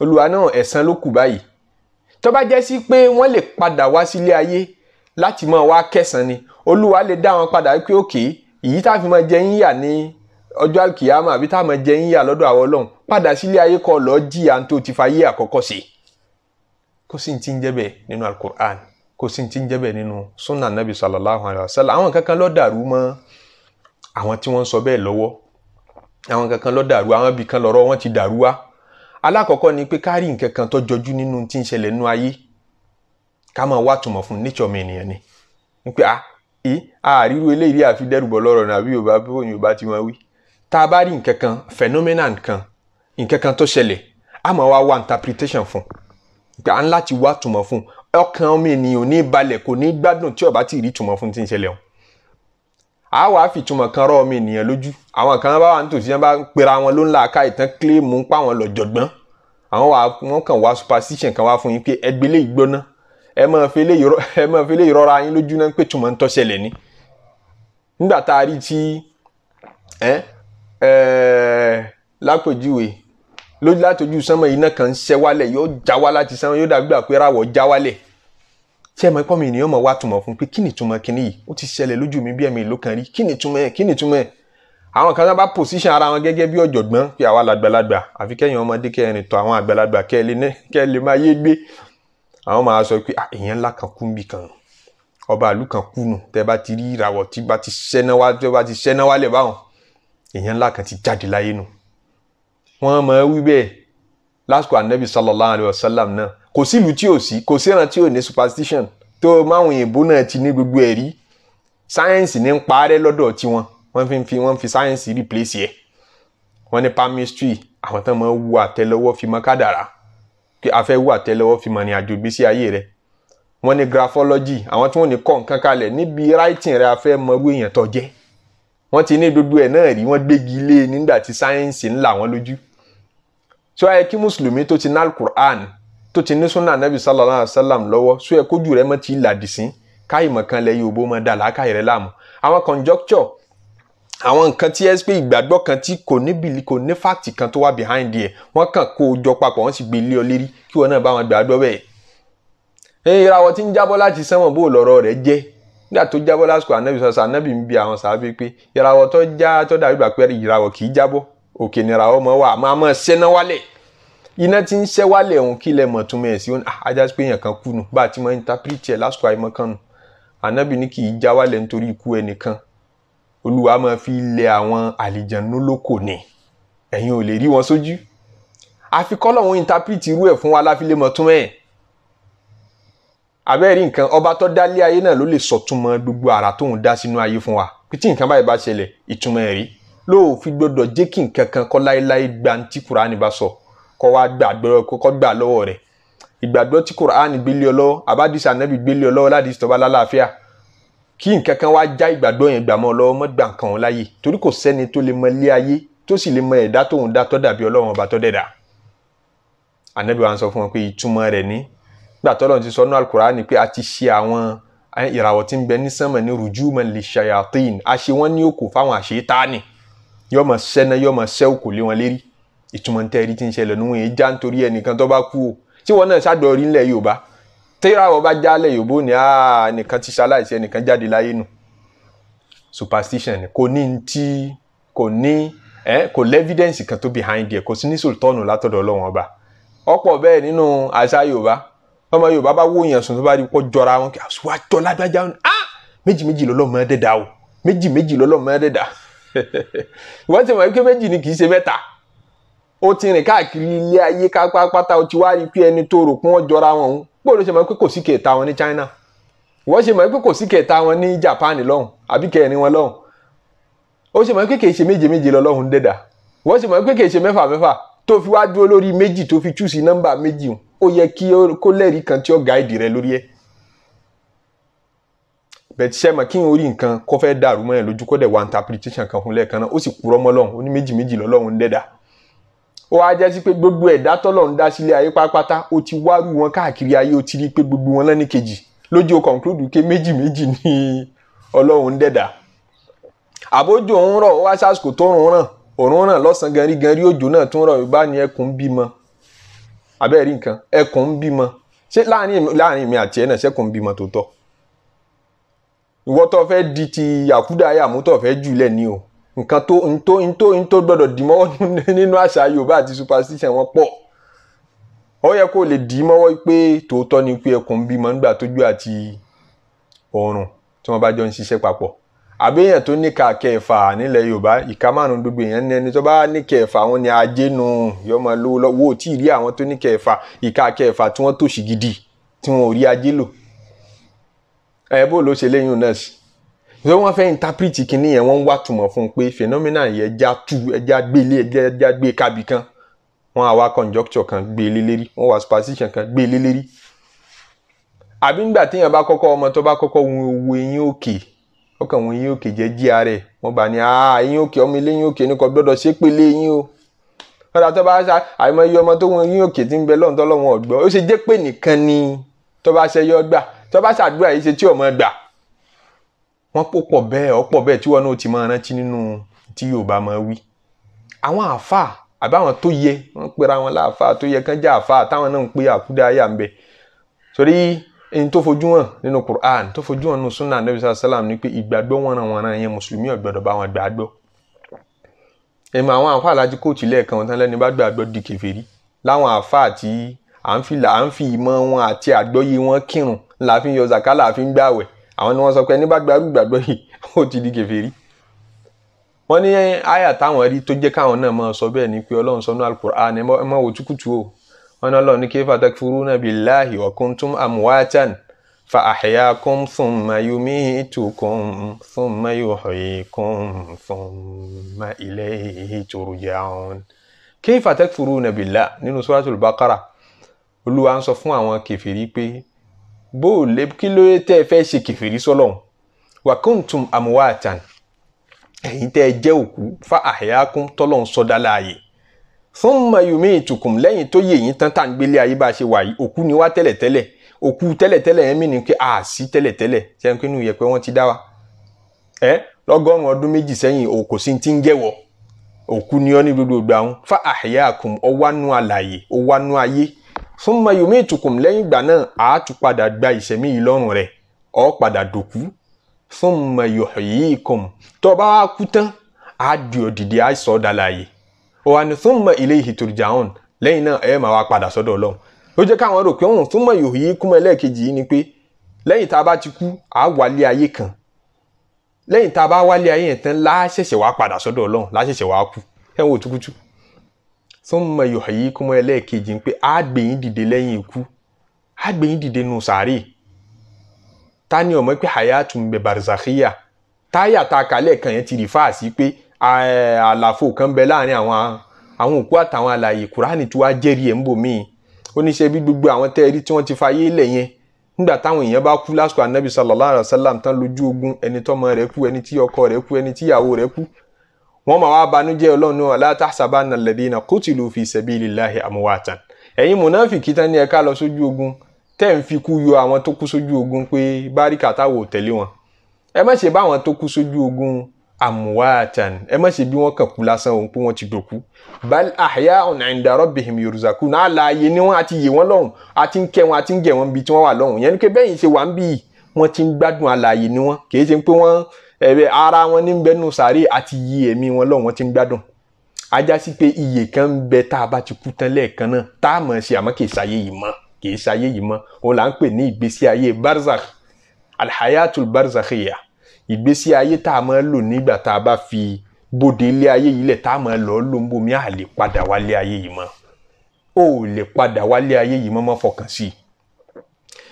olúwa náà ẹ̀san ló kù báyìí tó bá jẹ́ sí pé wọ́n lè padà wá sílé ayé láti máa wá kẹsàn ni olúwa lè dá wọn padà pé òkè èyí tá a fi máa jẹ yín yà ní ọjọ́ àkìyàmọ̀ àbí tá a máa jẹ yín yà lọ́dọ̀ àwọn ọlọ́run padà sílé ayé kọ́ lọ́ọ́ jìyà tó ti fa ayé àkọ́kọ́ sí kó sì ti ń jẹ́ bẹ́ẹ̀ nínú alukur'an kò sí ti ń jẹ́ nínú sunna nabi sallallahu alayhi wa sallam àwọn kankan ló dàrú mọ́ àwọn tí wọ́n ń sọ bẹ́ẹ̀ lọ́wọ́ àwọn kankan ló dàrú àwọn ibì kan lọ́rọ̀ wọn ti dàrú wá alákọ̀ọ́kọ́ ni pé kárí nǹkan kan tó jọjú nínú tí ń ṣẹlẹ̀ nínú ayé ká máa wá túmọ̀ fún nature mi ènìyàn ni wípé a ì àríwú eléyìí àfi dẹ́rùbọ̀ lọ́rọ̀ ní àbí yorùbá bí yorùbá ti máa wí tá a bá rí nǹkan kan phenomena kan nǹkan kan tó ṣẹlẹ̀ a máa wá wá interpretation fún pé à ń láti wá túmọ̀ fún ọkàn ọmọ ènìyàn ní balẹ̀ kò ní gbádùn tí ó bá ti rí ìtumọ̀ fún ti ń ṣẹlẹ̀ o a wàá fi ìtumọ̀ kan rọ ọmọ ènìyàn lójú àwọn kan bá wà nítòsí wọn bá ń pera wọn ló ń la aka ìtàn kílèmù ń pa wọn lọ́jọ̀gbọ́n àwọn wà wọn kàn wá superstition kan wá fún yín pé ẹgbẹ́ lè gbóná ẹ máa fi lè rọra yín lójú náà pé ìtumọ̀ ń tó ṣẹlẹ̀ ni nígbà tá a rí tí lápèjúwe lójú látọjú sánmọ iná kan ṣẹ wálẹ̀ yóò já wá láti sánmọ yóò dàgbà pé ráwọ̀ já wálẹ̀ tí ẹ mọ ẹkọ mi ènìyàn mọ wá túmọ̀ fún pé kí ni túmọ̀ kíní yìí ó ti ṣẹlẹ̀ lójú mi bí ẹ̀mí ìlú kan rí kí ni túmọ̀ ẹ kí ni túmọ̀ ẹ àwọn kan bá pòsíṣàn ara wọn gẹ́gẹ́ bí ọ̀jọ̀gbọ́n pé àwa làgbàlagbà àfi kẹ́yìn ọmọdé kẹ́ ẹni tọ́ àwọn àgbàlagbà kẹ́ ẹ lè No wọ́n máa wí bẹ́ẹ̀ lásìkò anabi sallallahu alayhi wa sallam náà kò sí ìlú tí ò sí kò sí ìran tí ò ní superstition tó máwọn òyìnbó náà ti ní gbogbo ẹ̀rí sáyẹ́ǹsì ní ń parẹ́ lọ́dọ̀ tiwọn wọ́n fi ń fi wọ́n fi sáyẹ́ǹsì replace ẹ̀ wọ́n ní palmistry àwọn tó máa wú àtẹ́lẹwọ́ fi mọ kádàrá pé afẹ́ wú àtẹ́lẹwọ́ fi mọ ní àjò gbèsè ayé rẹ̀ wọ́n ní graphology àwọn tí wọ́n ní kọ́ nǹkan kalẹ̀ níbi writing rẹ̀ afẹ́ mọrú èèyàn tó jẹ́ wọ́n ti ní gbogbo ẹ̀ náà rí wọ́n gbégi ilé e nígbà tí sáyẹ́ǹsì ń là wọ́n lójú tí ó yẹ kí mùsùlùmí tó ti nal Qur'an tó ti ní sunna anabi sallallahu alayhi wa sallam lọ́wọ́ tí ó yẹ kójú rẹ̀ mọ́ ti làdì sí káyì mọ̀kan lẹ́yìn òbó mọ́ dà láàkàyè rẹ̀ láàmú àwọn conjecture àwọn nǹkan tí ẹ pé ìgbàgbọ́ kan tí kò ní bìlì kò ní fáàtì kan tó wà behind ẹ̀ wọ́n kàn kó o jọ papọ̀ wọ́n sì gbé ilé ọ lérí kí wọn náà bá wọn gbàgbọ́ bẹ́ẹ̀. ẹyin ìràwọ̀ tí ń jábọ́ láti sánmọ̀ bó lọ́rọ̀ rẹ̀ jẹ́ nígbà tó jábọ́ lásìkò ànábì sọ̀sọ̀ ànábì ń bi àwọn sàábé pé ìràwọ̀ tó já tó dàbí ìgbà pé ìràwọ̀ kì í jábọ́ òkè nira ọmọ wa àmọ́ àmọ́ sẹ́ná wálẹ̀ iná tí ń sẹ́ wálẹ̀ òun kí lẹ mọ̀ túmọ̀ ẹ̀ sí òun ah, ajá sí pé èèyàn kan kú nu bá a ti mọ intapiriti ẹ̀ lásìkò àìmọ́ kan nu ànábì ní kì í já wálẹ̀ nítorí ikú ẹnìkan olúwa máa fi lẹ àwọn àlìjànú lóko ni ẹ̀yin ò lè rí wọn sójú àfikọ́ lọ́wọ́ intapiriti irú ẹ̀ fún wa láfi lè mọ̀ túmọ̀ ẹ̀ abẹ́rẹ́ nǹkan ọba tó dálé ayé náà ló lè sọ̀túnmọ́ gbogbo àrà tóun dá sínú ayé fún wa pé nǹkan báyìí bá ṣẹlẹ̀ ìtumọ̀ ẹ̀ rí lóò fi gbọdọ̀ jẹ́ kí nǹkan kan kọ́ láéláé gba ti kùránì bá sọ kọ́ wá gbà gbọ́dọ̀ kọ́ gbà lọ́wọ́ rẹ̀ ìgbàgbọ́ tí kùránì gbélé ọ lọ́wọ́ àbádìsá nàbì gbélé ọ lọ́wọ́ láti ìsọ̀bá lálàáfíà kí nǹkan kan wá já ìgbàgbọ́ yẹn gbà mọ́ ọ lọ́wọ́ mọ́ gbà nǹkan wọn láyè torí kò sẹ́ni tó lè mọ ilé ayé tó sì lè mọ ẹ̀dá tóun dá tọ́ dàbí ọlọ́run ọba tọ́ dẹ̀dá ànábì wa ń sọ fún wọn pé ìtumọ̀ rẹ̀ ní gbà ìràwọ̀ tí ń bẹ ní sánmọ̀ ní rùjúmọ̀ lè ṣàyàtìn a ṣe ní òkò fáwọn àṣetáni yóò máa ṣẹ́ náà yóò máa ṣẹ́ òkò lé wọn lérí ìtumọ̀ ntẹ́ rí ti ń ṣẹlẹ̀ níwọ̀n èyí já nítorí ẹnìkan tó bá kú o tí wọn náà ṣàdọ̀rí ńlẹ̀ Yorùbá tẹ́ráwọ̀ bá jálẹ̀ Yorùbá ni nìkan ti ṣaláìsí ẹnìkan jáde láyé nù superstition ni kò ní ti kò ní ẹ kò lẹ́fídẹ́ǹsì kan tó behind ẹ̀ kò sí ní sòtọ́nù látọ̀dọ̀ Ọlọ́run ọba ọ̀pọ̀ bẹ́ẹ̀ nínú àṣà Yorùbá ọmọ Yorùbá bá wó yẹn sùn tó bá rí kó jọra wọn kí àṣùwájọ lágbájá méjì méjì lọ́lọ́mọdé dá o méjì méjì lọ́lọ́mọdé dá o wọ́n ti mọ̀ wípé méjì ni kì í ṣe mẹ́ta ó ti rìn káàkiri ilé ayé kápápátá ó ti wá rí pé ẹni tó rò pé wọ́n jọra wọn òun pé olóṣèlú mọ̀ pé kò sí kẹta wọn ní China wọ́n ṣe mọ̀ pé kò sí kẹta wọn ní Japan lọ́hùn àbí kẹrin wọn lọ́hùn ó ṣe mọ̀ pé kì í ṣe méje méje lọ́lọ́hùn dẹ́dà wọ́n ṣe mọ̀ pé kì í ṣe mẹ́fà mẹ́fà tó fi wá dúró lórí méjì tó fi túùsì nọ́mbà méjì ó yẹ kí kó lẹ́rìí kan tí ó gáìdì rẹ lórí ẹ̀ bẹ́ẹ̀ ṣe mọ̀ kí n orí nǹkan kó fẹ́ dàrú mọ́ ẹ̀ lójú kó dẹ̀ wá interpretation kan fún lẹ́ẹ̀kan náà ó sì purọ́ mọ́ lọ́hùn ó ní méjì méjì lọ́lọ́hùn dẹ́dà ó wá jẹ́ sí pé gbogbo ẹ̀dá tọ́lọ́hùn dá sílé ayé pátápátá ó ti wárú wọn káàkiri ayé ó ti rí pé gbogbo wọn lẹ́ni kejì lójú ó conclude pé méjì méjì ní ọlọ́hùn dẹ́dà àbójú òun rọ̀ ó wá sásìkò tó rùn ràn òrùn ràn lọ́sàn-án gan rí gan rí òjò náà tún rọ̀ ìbá ni ẹkùn ń bímọ ṣé láàrin mi àti ẹ̀ náà ṣẹ́kùn bímọ tó tọ́ ìwọ tó fẹ́ di ti àkúdàáyà mú tó fẹ́ jù lẹ̀ ni o nǹkan tó ntó ntó ntó gbọ́dọ̀ dì mọ́wọ́ nínú àṣà Yorùbá àti superstition wọn pọ̀ ó yẹ kó lè dì mọ́wọ́ pé tòótọ́ ni pé ẹkùn bímọ nígbà tójú àti ọrùn tí wọ́n bá jọ ń ṣiṣẹ́ papọ̀ àbẹ́yẹn tó níka kẹfà nílẹ̀ Yorùbá ìka márùn gbogbo èèyàn ní ẹni tó bá ní kẹfà wọn ni ajé nu yọmọ lówó lọ wo tí ì rí àwọn tó ní kẹfà ìka kẹfà tí wọ́n tòṣì gidi tí wọn ò rí ajé lò ẹ bó ló ṣe léyìn náà sí ṣé wọ́n fẹ́ interpret kínní yẹn wọ́n ń wá túmọ̀ fún un pé phenomena yẹn ẹja tú ẹja gbélé ẹja gbé kábì kan wọ́n á wá conjecture kan gbé lélẹ́rí wọ́n wá superstition kan gbé lélẹ́rí àbí ńgbà téèyàn bá kọ́kọ́ ọmọ tó bá kọ́kọ́ wo eyín òkè ọkàn wọn eyín òkè jẹ́ jí ara ẹ̀ wọ́n bá ní eyín òkè ọmọ ilé eyín òkè ní kò gbọ́dọ̀ ṣe pélé eyín o ọ̀dà tó bá ṣá àìmọye ọmọ tó wọn eyín òkè ti ń bẹ lọ́ntọ́ lọ́wọ́n ọ̀gbọ́ ó ṣe jẹ́ pé nìkan ni tó bá ṣẹyọ gbà tí wọ́n bá ṣàdúrà yìí ṣe tí ọmọ gbà wọ́n pò pọ̀ bẹ́ẹ̀ ọ̀pọ̀ bẹ́ẹ̀ tí wọ́n náà ti máa rántí nínú tí Yorùbá máa wí àwọn àáfàá àbáwọn tó yẹ wọ́n pera wọn láàfàá tó yẹ kán jẹ́ àáfàá táwọn náà ń pe àkúdá ayà ń bẹ torí ẹni tó fojú hàn nínú Qur'an tó fojú hàn nínú sunnah Nabi sallallahu alaihi wasallam ni pé ìgbàgbọ́ wọn ràn wọn ràn yẹn mùsùlùmí ọ̀gbọ́dọ̀ bá wọn gbàgbọ́ ẹ̀mọ àwọn àáfàá láti kóòtù lẹ́ẹ̀kan wọn tán lẹ́ni bá gbàgbọ́ di kèfèrí láwọn àáfàá àti à ń fi ìmọ̀ wọn àti àgbọ́yé wọn kírun la fi ń yọ zaka la fi ń gbàwẹ̀ àwọn ni wọ́n sọ pé ẹni bá gbarú gbàgbọ́ yìí ó ti di kèfèrí wọ́n ní àyà táwọn rí tó jẹ́ káwọn náà máa sọ bẹ́ẹ̀ ni pé ọlọ́run sọ ní alukur'an ẹ má wò tukutu o wọ́n ní ọlọ́run ní kayfa takfuruna billahi wa kuntum amwatan fa ahyakum thumma yumitukum thumma yuhyikum thumma ilayhi turja'un kayfa takfuruna billahi nínú suratul baqara olúwa ń sọ fún àwọn kèfèrí pé bó o lè kí ló tẹ́ ẹ fẹ́ ṣe kẹfìrí sọ́lọ́run wàkùntùm àmúwàtàn ẹ̀yin tẹ́ ẹ jẹ́ òkú fa àyàkùn tọ́lọ́run sọ́dá láàyè fún mayumi ìtùkùn lẹ́yìn tó yẹ yín tán tá ń gbélé ayé bá a ṣe wà yìí òkú ni wá tẹ́lẹ̀tẹ́lẹ̀ òkú tẹ́lẹ̀tẹ́lẹ̀ yẹn mìíràn pé a sí tẹ́lẹ̀tẹ́lẹ̀ ṣe ń pinnu yẹ pé wọ́n ti dá wa ẹ lọ́gọ́rùn-ún ọdún méjì sẹ́yìn òkò sí ti ń jẹ́wọ́ òkú ni ọ́ ní gbogbo ìgbà wọn fa àyàkùn ọwánú àlàyé ọwánú ayé fúnma yomi ìtukùn lẹ́yìn ìgbà náà àátú padà gba ìṣẹ̀mí yìí lọ́rùn rẹ̀ ọ́ padà dòkú fúnma yuhyikum tó bá wá kú tán á di òdìdí àìsàn ọ̀dàlàyé òwàní fúnma ilayhi turja'un lẹ́yìn náà ẹ̀ máa wá padà sọ́dọ̀ ọlọ́run ó jẹ́ káwọn rò pé òun fúnma yuhyikum ẹlẹ́ẹ̀kejì yìí ni pé lẹ́yìn tá a bá ti kú á wálé ayé kan lẹ́yìn tá a bá wálé ayé yẹn tán láṣẹ̀ṣẹ̀ wá padà sọ́dọ̀ ọlọ́run láṣẹ̀ṣẹ̀ wá kú ẹ̀ wọ́n tukutu summa yuhyikum ẹlẹ́ẹ̀kejì ń pé á gbé yín dìde lẹ́yìn ikú á gbé yín dìde nù sàárè ta ni ọmọ pé hayatun bẹ barzakhiya táyà ta kalẹ̀ kan yẹn ti rí fáàsì pé àlàfo kan bẹ láàrin àwọn àwọn òkú àtàwọn àlàyé kùránì tí wàá jẹ́rìí ẹ̀ ń bò míì oníṣẹ́ bí gbogbo àwọn tẹ́ẹ̀rí tí wọ́n ti fayé lẹ̀ yẹn nígbà táwọn èèyàn bá kú lásìkò anabi sallallahu alayhi wa sallam tán lójú ogun ẹni tọ́mọ rẹ̀ kú ẹni tí ọkọ rẹ̀ kú ẹni tíyàwó rẹ̀ kú wọ́n máa wá banújẹ́ ọlọ́run ní wọn la tahsabanna alladhina qutilu fi sabilillahi amwatan ẹ̀yin mùnáfìkì tán ní ẹ ká lọ sójú ogun tẹ́ ń fi kú yọ àwọn tó kú sójú ogun pé báríkà táwọn ò tẹ̀lé wọn ẹ má ṣe bá àwọn tó kú sójú ogun amwatan ẹ má ṣe bí wọ́n kàn kú lásán òun pé wọ́n ti dòkú bal ahya'un 'inda rabbihim yurzaqun náà láàyè ni wọ́n àti yè wọ́n lọ́hùn àti ń kẹ́ wọn àti ń gẹ̀ wọn bí tí wọ́n wà lọ́hùn yẹn ni pé bẹ́yìn ṣe wà ń bí wọ́n ti ń gbádùn àlàyé ni wọ́n kì í ṣe pé wọ́n ẹ̀rẹ̀ ara wọn ní bẹ́ẹ̀ nù àti yí ẹ̀mí wọn lọ́wọ́n ti ń gbádùn ajá sí pé iye kan ń bẹ tá a bá ti kú tán lẹ́ẹ̀kan náà tá a mọ̀ ṣe àmọ́ kì í ṣayé yìí mọ́ kì í ṣayé yìí mọ́ òun là ń pè ní ìgbésí ayé barzakh alhayatul barzakhiya ìgbésí ayé tá a máa lò nígbà tá a bá fi bòde ilé ayé yìí lẹ̀ tá a máa lọ ló ń bomi a lè padà wálé ayé yìí mọ́ ó lè padà wálé ayé yìí mọ́ mọ́ fọkàn sí i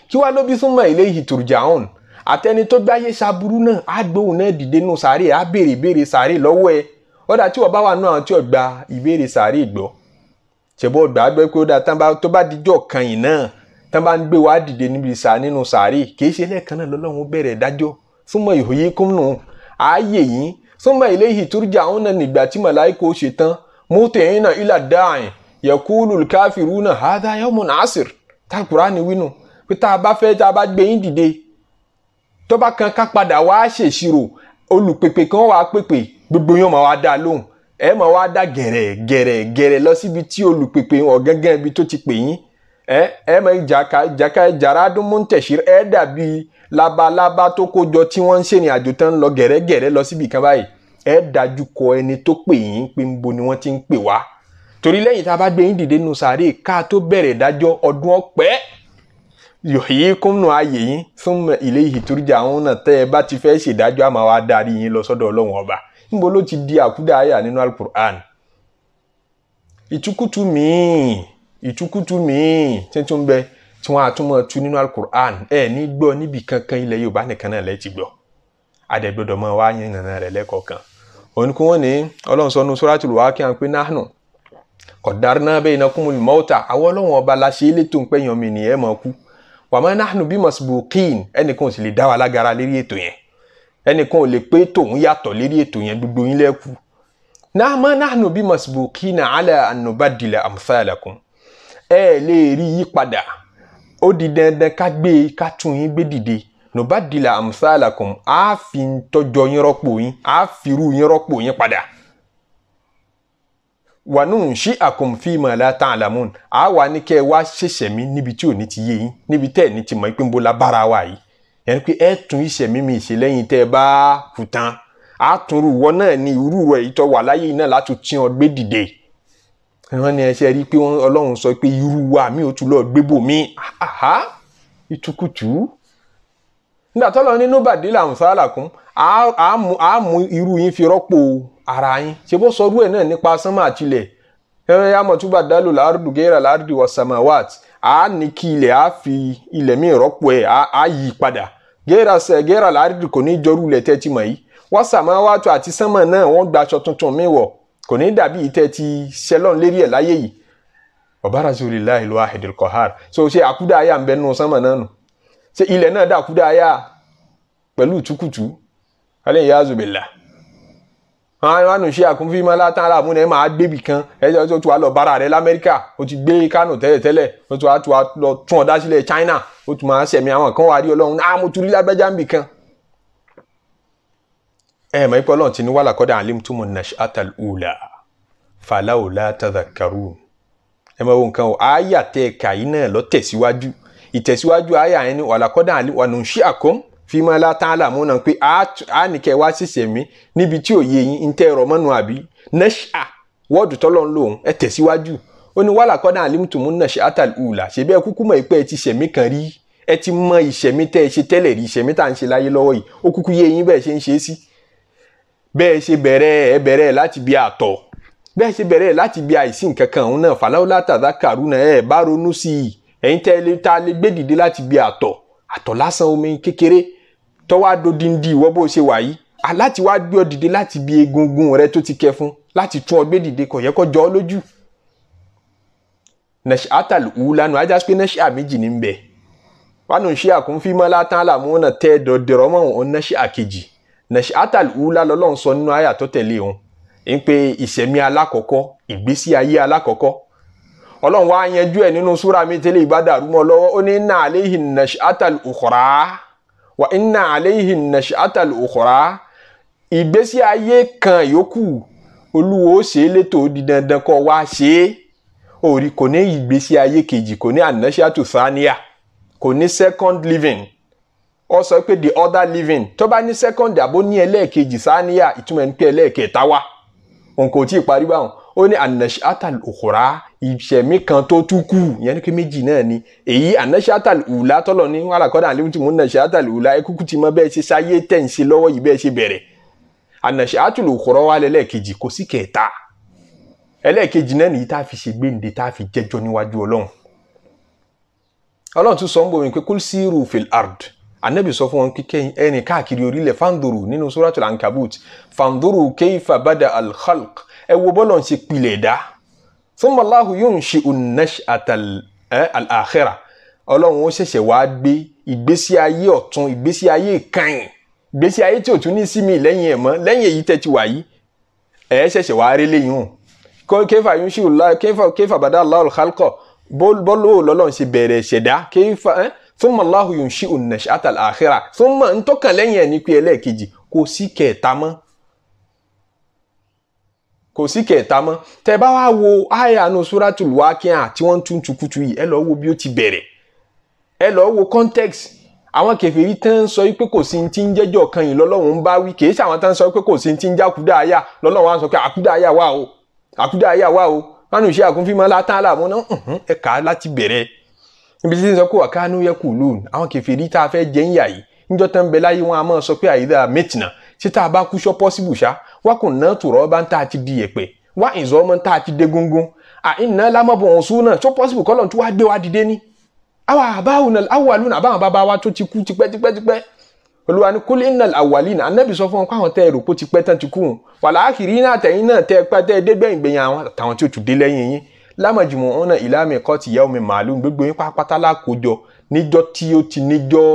kí wàá lóbi súnmọ́ ilé yìí tùrùjà ọ̀hún àtẹni tó gbáyé ṣaburú náà á gbóhùn náà dìde nù sàárè á béèrè ìbéèrè sàárè lọ́wọ́ ẹ ọ̀dà tí wọ́n bá wà nù àwọn tí wọ́n gba ìbéèrè sàárè gbọ́ ṣẹ̀bọ́ ọ̀gbà á gbọ́ pé ó dà tó bá dijọ́ kan yìí náà tán bá ń gbé wá dìde níbi ìsà nínú sàárè kì ṣe lẹ́ẹ̀kan náà lọ́lọ́run bẹ̀rẹ̀ dájọ́ súnmọ́ ìhòyè kúnnù ààyè yìí súnmọ́ iléyìí túrújà àwọn náà nígbà tí màláìkò ṣe tán náà ìlà dáàyìn ni wínú pé tá a tó bá kan ká padà wá ṣèṣirò olùpèpè kan wàá pèpè gbogbo yín máa wá dá lóhùn ẹ máa wá dá gẹ̀rẹ̀ gẹ̀rẹ̀ gẹ̀rẹ̀ lọ síbi tí olùpèpè wọn gángan ibi tó ti pè yín ẹ ẹ máa jàkà jàkà jàrádùn mọ́ntẹ̀sír ẹ dàbí labalábá tó kójọ tí wọ́n ń ṣèrìn àjò tán lọ gẹ̀rẹ́ gẹ̀rẹ́ lọ síbi kan báyìí ẹ dájú kọ ẹni tó pè yín pé ń bo ni wọ́n ti ń pè wá torí lẹ́yìn tá a bá gbé yín dìde nù sàárè ká tó bẹ̀rẹ̀ ìdájọ́ ọdún ọ̀pẹ́ yòòyíkún nù ayé yín súnmọ́ ilé ìtúrújà òun náà tẹ́ ẹ bá ti fẹ́ ṣèdájọ́ àmọ́ wa darí yín lọ sọ́dọ̀ ọlọ́run ọba níbo ló ti di àkúdàáyà nínú alukur'an ìtukutu míì ìtukutu míì tuntun bẹ tí wọn àtúmọ̀ tu nínú alukur'an ẹ ní gbọ́ níbi kankan ilẹ̀ yorùbá nìkan náà lẹ́ ti gbọ́ àdẹ̀gbọ́dọ̀ mọ́ wa yín nàná rẹ̀ lẹ́kọ̀ọ̀kan òun kí wọ́n ní ọlọ́run sọ nu suratul waqi'a pé nahnu qaddarna bainakumul mauta àwọn ọlọ́run ọba la ṣe é létò ń pẹ́yàn mi nìyẹn mọ̀ kú wàmọ́ nahnu bí masbuqin ẹnìkan ò sì lè dá wa lágara lérí ètò yẹn ẹnìkan ò lè pé tòun yàtọ̀ lérí ètò yẹn gbogbo yín lẹ́kù náàmọ́ nahnu bí masbuqina ala an nubaddila amthalakum ẹ lè rí yí padà ó di dandan ká gbé e, ká tún yín gbé dìde nubaddila amthalakum á fi yín rọ́pò yín á fi yín rọ́pò yín padà wànú ṣí àkọ́nfí màlá tán àlàmún à wà ní kẹ́ ẹ wá ṣẹ̀ṣẹ̀ níbi tí ò ní ti yé yín níbi tẹ́ ní ti mọ̀ pé ń bó la bára wa yìí yẹn pé ẹ tún ìṣẹ̀mí mi ṣe lẹ́yìn tẹ́ ẹ bá kú tán á tún rú náà ní irú rẹ̀ ìtọ́ wà láyé náà láti tí wọn gbé dìde wọn ni ẹ ṣe rí i pé ọlọ́run sọ pé irú wa mi ò tún lọ gbé bò mí àhá ìtukùtù nígbà tó lọ nínú bàdí làwọn sáà làkún a mú irú yín fi rọ́pò ara yín ṣe bó sọrú ẹ̀ náà nípa sánmà àtilẹ̀ ẹ̀rọ yà mọ̀ túbà dálò láàrúdù gẹ́rà láàrúdù wasamawat á ní kí ilẹ̀ á fi ilẹ̀ míì rọ́pò ẹ̀ á yí padà gẹ́rà sẹ̀ gẹ́rà láàrúdù kò ní jọrú ilẹ̀ tẹ́tí mọ̀ yìí wasamawat àti sánmà náà wọ́n gba aṣọ tuntun míì wọ̀ kò ní dàbí ìtẹ́tí sẹlọ́n lérí ẹ̀ láyé yìí ọ̀bára zuri láì lọ ahidil kohar so ṣe àkúdà ayá ń bẹ nù sánmà náà nù ṣe ilẹ̀ náà dàkúdà ayá pẹ̀lú ìtukùtù alẹ́ ìyá azubila wánu ṣe àkúnfí mọ́ látàn aláàmúnà ẹ̀ máa gbébì kan ẹ̀jẹ̀ tó tu wá lọ bára rẹ̀ lamẹ́ríkà ó ti gbé kánò tẹ́lẹ̀tẹ́lẹ̀ ó tu wá tu wá lọ tún ọ̀dá sílẹ̀ China ó tu máa sẹ̀mí àwọn kan wá rí ọlọ́run náà ah, mo tu rí lágbájá ń bì kan. ẹ mọ̀ ipò ọlọ́run ti ní wàhálà kọ́dà alim tó mọ̀ nash atal ula falaola tazakaru ẹ mọ̀ wọn kan o àyà tẹ kàyí náà lọ tẹ̀síwájú ìtẹ̀síwájú àyà yẹn ni wàhálà kọ́dà alim wà nù ṣí àkóm fíìmọ̀ látàn àlàmúnà pé a a wá sísẹ̀ mi níbi tí òye yín ń tẹ́ ẹ̀rọ mọ́nu àbí nẹ́ṣà wọ́ọ̀dù tọ́lọ́ ń lòun ẹ tẹ̀síwájú ó ní wàhálà kọ́dà àlímùtùmù náà ṣe àtàlù ùlà ṣe bẹ́ẹ̀ kúkú mọ̀ pé ẹ ti ṣẹ̀mí kan rí ẹ ti mọ ìṣẹ̀mí tẹ́ ẹ ṣe tẹ́lẹ̀ rí ìṣẹ̀mí tá à ń ṣe láyé lọ́wọ́ yìí ó kúkú yé yín bẹ́ẹ̀ ṣe ń ṣe é sí bẹ́ẹ̀ ṣe bẹ̀rẹ̀ ẹ bẹ̀rẹ̀ láti bí àtọ̀ bẹ́ẹ̀ ṣe bẹ̀rẹ̀ láti bí àìsí nǹkan kan òun náà fàlàwọ́lá tàdá kàrú náà ẹ bá ronú ta lè gbé dìde láti bí àtọ̀ omi kékeré tọ́wọ́ adodindi ìwọ bó ṣe wà yìí aláti wá gbé ọ dìde láti bi egungun rẹ tó ti kẹ fún láti tún ọ gbé dìde kò yẹ kó jọ ọ lójú. nẹ̀ṣẹ̀ àtàlù wù lánàá ajá pé nẹ̀ṣẹ̀ àméjì ní bẹ̀. wánú ṣe àkúnfímọ́ látàn làmú náà tẹ́ dọ̀dẹ̀rọ̀ mọ́ òun nẹ̀ṣẹ̀ àkejì nẹ̀ṣẹ̀ àtàlù wù lálọ́lọ́run sọ nínú àyà tó tẹ̀lé òun ń pe ìṣẹ̀mí alákọ̀ọ́kọ́ ìgbésí ayé alákọ̀ọ́kọ́ ọlọ́run wá yanjú ẹ̀ nínú súra mi tẹ́lẹ̀ ìbádàrúmọ́ lọ́wọ́ ó ní nà àléhìn àtàlù ukhra wa inna alayhi nashi'ata al-ukhra ìgbésí ayé kan yòókù olúwo ó ṣe é létò ó di dandan kọ́ wá ṣe é òòrì kò ní ìgbésí ayé kejì kò ní anashi'atu thaniya kò ní second living ó sọ pé the other living tó bá ní second àbó ní ẹlẹ́ẹ̀kejì sáníyà ìtumọ̀ ní pé ẹlẹ́ẹ̀kẹta wá òun kò tí ì parí báwọn ó ní ànàṣe àtàlù òkúra ìṣẹ̀mí kan tó tún kù ìyẹn ní pé méjì náà ni èyí ànàṣe àtàlù ùlá tọ́lọ̀ ní wàlàkọ́dà àlẹ́ tí mò ń nàṣe àtàlù ùlá ẹ kúkú ti mọ bẹ́ẹ̀ ṣe sáyé tẹ̀ ń ṣe lọ́wọ́ yìí bẹ́ẹ̀ ṣe bẹ̀rẹ̀ ànàṣe àtàlù òkúra wà lẹ́lẹ́kejì kò sí kẹta ẹlẹ́ẹ̀kejì náà nìyí tá a fi ṣe gbéǹde tá a fi jẹ́jọ́ níwájú ọlọ́run ọlọ́run tún sọ ń bọ̀ wọ́n pé kúl ard anabi sọ fún wọn kíkẹ́ ẹni káàkiri orílẹ̀ fanduru nínú suratul ankabut fanduru keifa bada al ẹ wo bọ́lọ̀ ń ṣe pilẹ̀ dá summa Allahu yunshi'u an-nash'ata al-akhira ọlọ́run ó ṣẹ̀ṣẹ̀ wá gbé ìgbésí ayé ọ̀tun ìgbésí ayé ìkànnì ìgbésí ayé tí ò tún ní sí mi lẹ́yìn ẹ̀ mọ́ lẹ́yìn èyí tẹ́ ti wà yìí ẹ̀ ṣẹ̀ṣẹ̀ wá rí lẹ́yìn hàn kéfà yunshi'u kéfà bàdá Allahul khalqa bọ́lọ́ lọ́lọ́run ṣe bẹ̀rẹ̀ ṣẹ̀dá kéfà ẹ́ thumma Allahu yunshi'u an-nash'ata al-akhira thumma ń lẹ́yìn ẹ̀ ní pé ẹlẹ́ẹ̀kejì kò sí kẹta mọ́ kò sí kẹta mọ́ tẹ bá wá wo ayanu suratul waqi'ah tí wọ́n tún tukutu yìí ẹ lọ wo bí ó ti bẹ̀rẹ̀ ẹ lọ wo context àwọn kèfèrí tán sọ pé kò sí ti ń jẹ́jọ́ kan yìí lọ́lọ́run ń bá wí kì í ṣe àwọn tán sọ pé kò sí ti ń jẹ́ àkúdàáyà lọ́lọ́run á sọ pé àkúdàáyà wà o àkúdàáyà wà o kánú iṣẹ́ àkúnfímọ́ látàn àlàmú náà ẹ kà á láti bẹ̀rẹ̀ ibi tí ń sọ pé wàkánú yẹ kù lóun àwọn kèfèrí tá a fẹ́ jẹ́ ń yà yìí níjọ́ tán bẹ láyé wọn a máa sọ pé àyídà mẹ́tìnà ṣé bá kú ṣọ́ pọ́síbù ṣá wákùn náà tòrọ́ bá ń tá a ti di yẹ̀pẹ̀ wá ìzọ́ ọmọ ń tá a ti dé góńgó àìnà lámọ́bọ̀ ọ̀hún sún náà tó pọ́sibù kọ́lọ̀ tó wá gbé wá dìde ni. àwa àbáwò náà ba ba ba bàbá wa tó ti kú tipẹ́tipẹ́tipẹ́ olúwa ni kúlẹ̀ iná àwàlì náà anábì sọ fún wọn káwọn tẹ èrò kó ti pẹ́ tán ti kú wàlá àkìrí náà tẹ̀yìn náà tẹ pẹ́ tẹ́ dégbẹ̀yìn gbẹ̀yìn àwọn àtàwọn tí ó tù dé lẹ́yìn yín lámàjùmọ̀ ọ̀nà ìlàmì ẹ̀kọ́ ti yẹ omi màálù gbogbo yín pátápátá lákòójọ níjọ́ tí ó ti níjọ́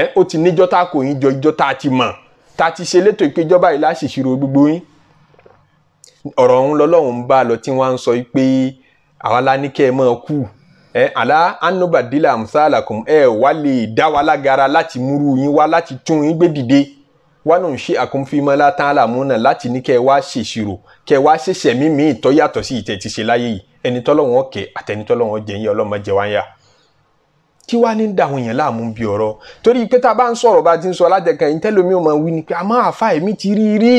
ẹ́ ó ti níjọ́ tá a kò yín jọ ìjọ́ tá a ti mọ̀ ta ti ṣe létò ìpéjọba yìí láṣìṣirò gbogbo yín ọ̀rọ̀ ọ̀hún lọ́lọ́run ń bá lọ tí wọ́n á ń sọ pé àwa la ní kẹ́ ẹ máa kú ẹ àlá anubadila amsalakum ẹ wá lè dá wa lágara láti múrú yín wá láti tún yín gbé dìde wánà ń ṣe àkúnfímọ́lá tá a láti ní kẹ́ ẹ wá ṣèṣirò kẹ́ ẹ wá ṣẹ̀ṣẹ̀ mímí ìtọ́yàtọ̀ sí ìtẹ̀ láyé yìí ẹni tọ́lọ́wọ́n kẹ́ àtẹnitọ́lọ́wọ́n jẹ́ yín ọlọ́mọ jẹ́ wáyà kí wàá ní ń da àwọn èèyàn láàmú bí ọ̀rọ̀ torí pé tá a bá ń sọ̀rọ̀ bá ti ń sọ alájẹkàn yìí tẹ́lómi ò máa wí ni pé àmọ́ àfa èmi ti rí rí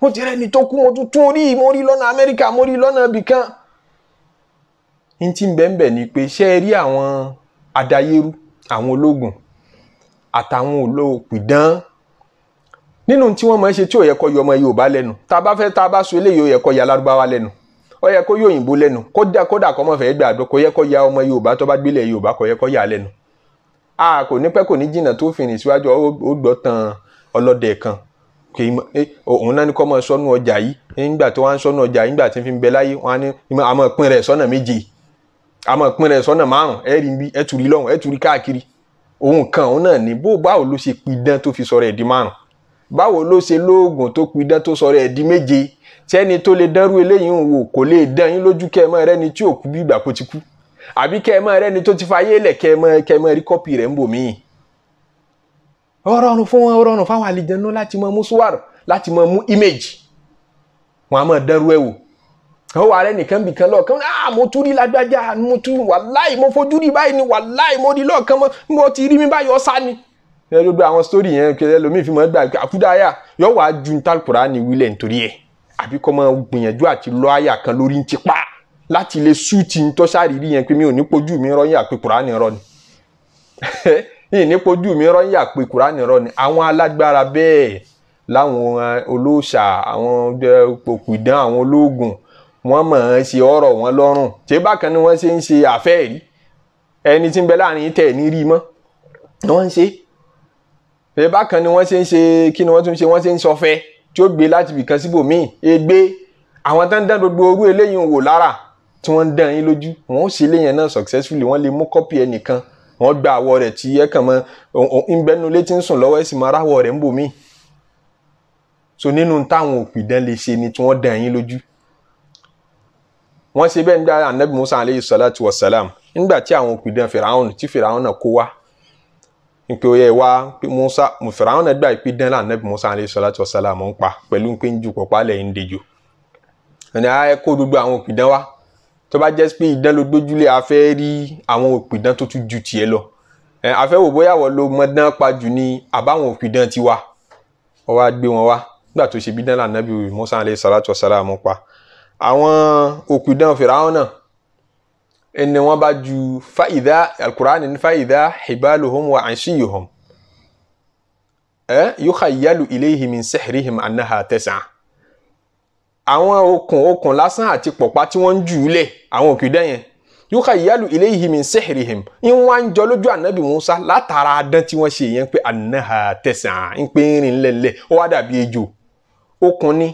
mo ti rẹ́ni tó kú mo tún tún rí mo rí lọ́nà Amẹ́ríkà mo rí lọ́nà ibìkan. n ti bẹ́ẹ̀nbẹ́ ni pé ṣé ẹ rí àwọn adayérú àwọn ológun àtàwọn olóòpìdán nínú tí wọ́n máa ń ṣe tí ò yẹ kó yọ ọmọ Yorùbá lẹ́nu tá a bá fẹ́ tá a bá so eléyìí ò yẹ kó yà Lárúbáwá lẹ́nu ó yẹ kó yọ òyìnbó lẹ́nu kódà kódà kọ́ mọ̀ fẹ́ẹ́ gbàdọ́ kó yẹ kó ya ọmọ yorùbá tó bá gbélé yorùbá kó yẹ kó yà lẹ́nu a kò ní pẹ́ kò ní jìnnà tó fìrìn síwájú ó gbọ́ tan ọlọ́dẹ kan òun náà ni kọ́ mọ sọ́nù ọjà yìí nígbà tó wá ń sọ́nù ọjà yìí nígbà tí fi ń bẹ láyé wọn á ní àmọ́ ìpín rẹ̀ sọ́nà méje àmọ́ ìpín rẹ̀ sọ́nà márùn ẹ̀ rí bí ẹ̀ tùrí lọ́hùn ẹ̀ tùrí káàkiri òun kan òun náà ní bó báwo ló ṣe pidán tó fi sọ̀rọ̀ ẹ̀ di márùn báwo ló ṣe lóògùn tó pidán tó sọ̀rọ̀ ẹ̀ di méje tẹ́ni tó lè dánrú eléyìí ń wò kò lè dán yín lójú kẹ́ẹ̀mọ́ rẹ ni tí òkú bí ìgbà kó ti kú àbí kẹ́ẹ̀mọ́ rẹ ni tó ti fayé lẹ̀ kẹ́ẹ̀mọ́ kẹ́ẹ̀mọ́ rí kọ́pì rẹ̀ ń bò míì. ọ̀rọ̀rùn fún wọn ọ̀rọ̀rùn fáwọn àlejànú láti mọ mú suwar láti mọ mú image wọn a mọ dánrú ẹ wò ó wà rẹ nìkan bìkan lọ́ọ̀kan ah mo tún rí lágbájá mo tún wàláì mo fojú rí báyìí ni wàláì mo rí lọ́ọ̀kan mo ti rí mi báyìí ọ̀sá ẹ gbogbo àwọn sítórì yẹn kẹlẹ lomi fi mọ gbà àkúdáyà yóò wá ju ntàkùrá ni wílẹ̀ nítorí ẹ̀ àbí kọ́ mọ gbìyànjú àti lọ àyà kan lórí ń tipa láti lè sú ti ń tọ́sàrírí yẹn pé mi ò ní pojú mi rọ́ yín àpè kùránì rọ ni yìí ní pojú mi rọ́ yín àpè kùránì rọ ni àwọn alágbára bẹ́ẹ̀ láwọn eh, olóòṣà àwọn eh, òkú ìdán àwọn olóògùn wọ́n mọ̀ ọ́n ṣe ọ̀rọ̀ wọn lọ́rùn ṣé bákan ni wọ́n ṣe ń ṣe àfẹ́ẹ̀rí ẹni tí ń bẹ láàrin tẹ̀ ní rí mọ́ wọ́n ń ṣe é pé bákan ni wọ́n ṣe ń ṣe kí ni wọ́n tún ṣe wọ́n ṣe ń sọfẹ́ tí ó gbé láti ibìkan síbòmíì ègbé àwọn tó ń dán gbogbo orú eléyìí wò lára tí wọ́n ń dán yín lójú wọ́n ó ṣe eléyìí náà successfully wọ́n lè mú kọ́pì ẹnìkan wọ́n gba àwọ̀ rẹ̀ tí ẹ kàn mọ́ ìbẹ́nu létí ń sùn lọ́wọ́ ẹ̀ sì máa ráwọ̀ rẹ̀ ń bòmíì so nínú táwọn òpìdán lè ṣe ni tí wọ́n dán yín lójú wọ́n ṣe bẹ́ẹ̀ nígbà anabi musa aleyhi salatu wa salam nígbà tí àwọn òpìdán fìràwọn tí fìràwọn náà kó wá nkpe o yẹ wa musa Fáráò náà gba ìpè dán la anabi musa alayhi salatu wa salam ń nkpe ń ju kọ̀kọ́ alẹ́ yìí kó gbogbo àwọn òpìdán wa tó bá jẹ́ pé ìdán ló gbójúlé afẹ́ rí àwọn òpìdán tó tún ju tiẹ̀ lọ ẹ afẹ́ wò bóyá wọ́n ló mọ dán pa jù ní àbáwọn òpìdán ti wa wọ́n gbé wọn wá nígbà tó ṣe bí dán la anabi musa alayhi salatu wa salam ń pa àwọn òpìdán Fáráò náà ẹni wọ́n bá ju fa'idá alukur'ani ní fa'idá hibaluhum wa anshiyuhum ẹ yukhayyalu ilayhi min sihrihim annaha tas'a àwọn okùn okùn lásán àti pọ̀pá tí wọ́n ń jù ú lẹ̀ àwọn òkè dẹ́yẹn yukhayyalu ilayhi min sihrihim ń wá ń jọ lójú ànábì Musa látara adán tí wọ́n ṣe yẹn pé annaha tas'a ń pè ń rìn lẹ́lẹ̀ ó wá dàbí ejò okùn ni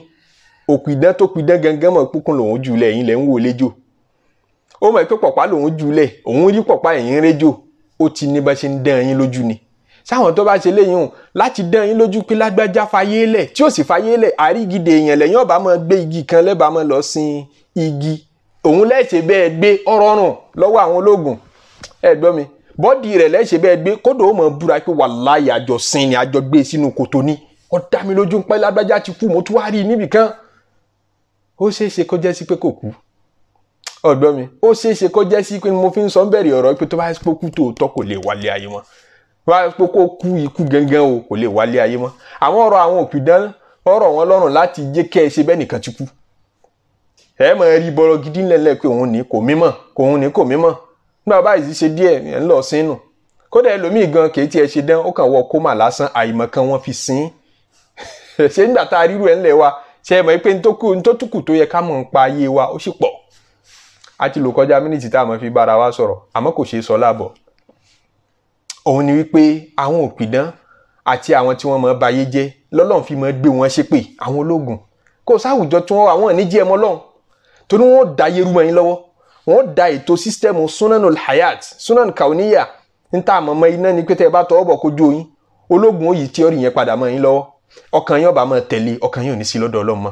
òkùn idán tó pidán gangan mọ̀ pé okùn lòun jù lẹ̀ yín lẹ̀ ń wò lẹ́jọ́ ó mọ̀ pé pọ̀pá lòun jùlẹ̀ òun rí pọ̀pá ẹ̀yìn rédíò ó ti ní bá ṣe ń dán yín lójú ni sáwọn tó bá ṣe léyìn hùn láti dán yín lójú pé lágbájá fayé lẹ̀ tí ó sì fayé lẹ̀ àrígidè èèyàn lẹ́yìn ọ̀bá máa gbé igi kan lẹ́bàá máa lọ sin igi òun lẹ́sẹ̀ bẹ́ẹ̀ gbé ọ̀rọ̀ rùn lọ́wọ́ àwọn ológun ẹ gbọ́ mi bọ́dì rẹ̀ lẹ́sẹ̀ bẹ́ẹ̀ gbé kódò ó máa búra pé wàláyé àjọ sin ni àjọ gbé e sínú kòtò ni ó dá mi lójú pé lágbájá ti kú mo tún wá rí i níbìkan ó ṣeé kó jẹ́ sí pé kò kú ọ̀dọ́ mi ó ṣeé ṣe kó jẹ́ sí pé mo fi ń sọ ń bẹ̀rẹ̀ ọ̀rọ̀ pé tó bá yẹ kó tòótọ́ kò lè wálé ayé mọ́ bá yẹ kó kú ikú gangan o kò lè wálé ayé mọ́ àwọn ọ̀rọ̀ àwọn òpìdán ọ̀rọ̀ wọn lọ́rùn láti jẹ́ kẹ́ ẹ ṣe bẹ́ẹ̀ nìkan ti kú ẹ mọ̀ ẹ rí bọ́rọ̀ gidi ńlẹ̀lẹ̀ pé òun ní kò mímọ̀ kò òun ní kò mímọ̀ nígbà báyìí ti ṣe díẹ̀ ẹ̀ ń lọ sínú kódà ẹlòmíì gan kì í tiẹ̀ ṣe dán ó kàn wọ kómà lásán àìmọ̀ kan wọ́n fi sin ṣé nígbà tá a ríru ẹ̀ ńlẹ̀ wa ṣe é mọ̀ pé ntókù tó yẹ ká mọ̀ ń pa ayé wa ó sì pọ̀ a ti lò kọjá mínítì tá a máa fi bára wa sọ̀rọ̀ àmọ́ kò ṣeé sọ láàbọ̀ òun ni wípé àwọn òpìdán àti àwọn tí wọ́n máa bayé jẹ́ lọ́lọ́run fi máa gbé wọn ṣépè àwọn ológun kò sáwùjọ tí wọ́n àwọn ìníjì ẹmọ lọ́hùn torí wọ́n da yerúmọ yín lọ́wọ́ wọ́n da ètò sísítẹ́ẹ̀mù sunanul hayat sunan kauniya ń tà mọ́mọ́ iná ni pé tẹ́ ẹ bá tọwọ́ bọ̀ kójú oyin ológun òyì tíọ́rì yẹn padà mọ́ yín lọ́wọ́ ọkàn yín ọba máa tẹ̀lé ọkàn yín ò ní sí lọ́dọ̀ ọlọ́mọ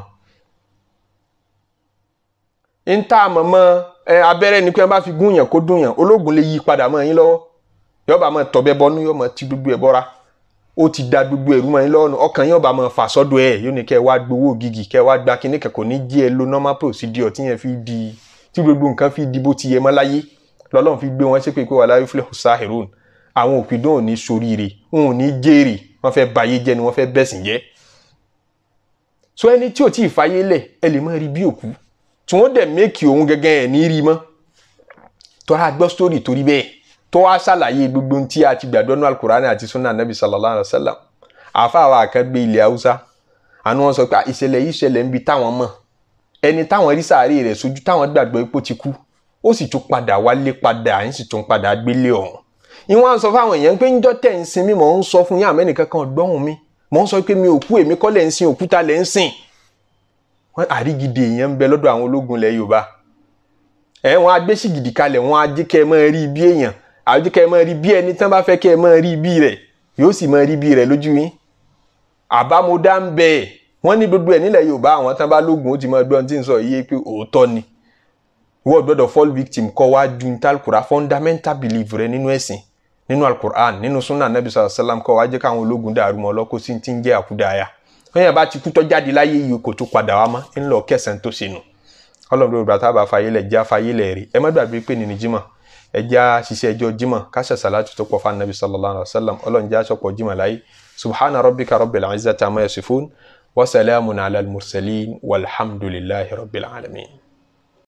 ń tà mọ́mọ́ ẹ abẹ́rẹ́ ni pé wọ́n bá fi gún yàn kó dùn yàn ológun lè yí padà mọ́ yín lọ́wọ́ yọba mọ́ tọ́bẹ́ bọ́nú yọ mọ́ ti gbogbo ẹ̀ bọ́ra ó ti da gbogbo ẹ̀rú mọ́ yín lọ́wọ́ ọkàn yọba mọ́ fà sọ́dọ̀ ẹ̀ yóò ní kẹ́ wá gbowó gigi kẹ́ ẹ wá gba kíní kẹ́ kò ní jí lo normal procedure tí yẹn fi di tí gbogbo nǹkan fi di bó ti yẹ mọ́ láyé lọ́lọ́run fi gbé wọn ṣépè pé wà láyé fúlẹ̀ sahirun ni wọ́n fẹ́ bẹ̀sìn jẹ́ so ẹni tí ò tí ì fayé lẹ̀ ẹ lè tí wọ́n dẹ̀ mẹ́kì òun gẹ́gẹ́ ẹ̀ ní rí mọ́ tọ́ra gbọ́ sítórì torí bẹ́ẹ̀ tó wá ṣàlàyé gbogbo tí a ti gbàgbọ́ nínú alukurani àti sunna anabi sallallahu alayhi wa sallam àfàwà àkàgbé ilẹ̀ haúsá àni wọ́n sọ pé ìṣẹ̀lẹ̀ yìí ṣẹlẹ̀ ń bi táwọn mọ̀ ẹni táwọn rí sàárè rẹ̀ sojú táwọn gbàgbọ́ pé ó ti kú ó sì tún padà wálé padà àyìn sì tún padà gbélé ọ̀hún ìwọ́n sọ fáwọn èèyàn pé njọ́ tẹ̀ ń sin mi mò ń sọ fún yín àmẹ́nìkankan mi mò ń sọ pé mi ò èmi kọ́ ń sin òkúta lẹ̀ ń sìn wọ́n àrígidì èèyàn ń bẹ lọ́dọ̀ àwọn ológun ilẹ̀ yorùbá ẹ wọn agbésìgìdì kalẹ̀ wọn ajíkẹ́ ẹ máa rí bí èèyàn àjíkẹ́ ẹ máa rí bí ẹni tán bá fẹ́ kẹ́ ẹ máa rí bí rẹ̀ yóò sì máa rí bí rẹ̀ lójú yín àbámọ̀dá ń bẹ wọ́n ní gbogbo ẹ̀ nílẹ̀ yorùbá àwọn tán bá lógun ó ti máa gbọ́n tí ń sọ yìí pé òótọ́ ni wọ́n gbọ́dọ̀ fall victim kọ́ wá ju ní talkura fundamental belief rẹ nínú ẹ̀sìn nínú alukur'an nínú sunna anabi sallallahu alayhi wa sallam kọ́ wá jẹ́ káwọn ológun dàrú mọ́ ọlọ́kọ́ sí ti ń jẹ́ àkúdàáyà bẹ́ẹ̀ bá ti kú tó jáde láyé yìí kò tún padà wá mọ́ ńlọ kẹsàn-án tó ṣe nù ọlọ́run ló gbà tá a bá fa ayélẹ̀ já fa ayélẹ̀ rí ẹ má gbàgbé pé nínú jímọ̀ ẹ já ṣiṣẹ́ ẹjọ́ jímọ̀ káṣà sàlátù tó pọ̀ fún anabi sallallahu alayhi wa sallam ọlọ́run já sọ̀pọ̀ jímọ̀ láyé subhana rabbika rabbil izzati amma yasifun wa salamun ala al-mursalin walhamdulillahi rabbil alamin.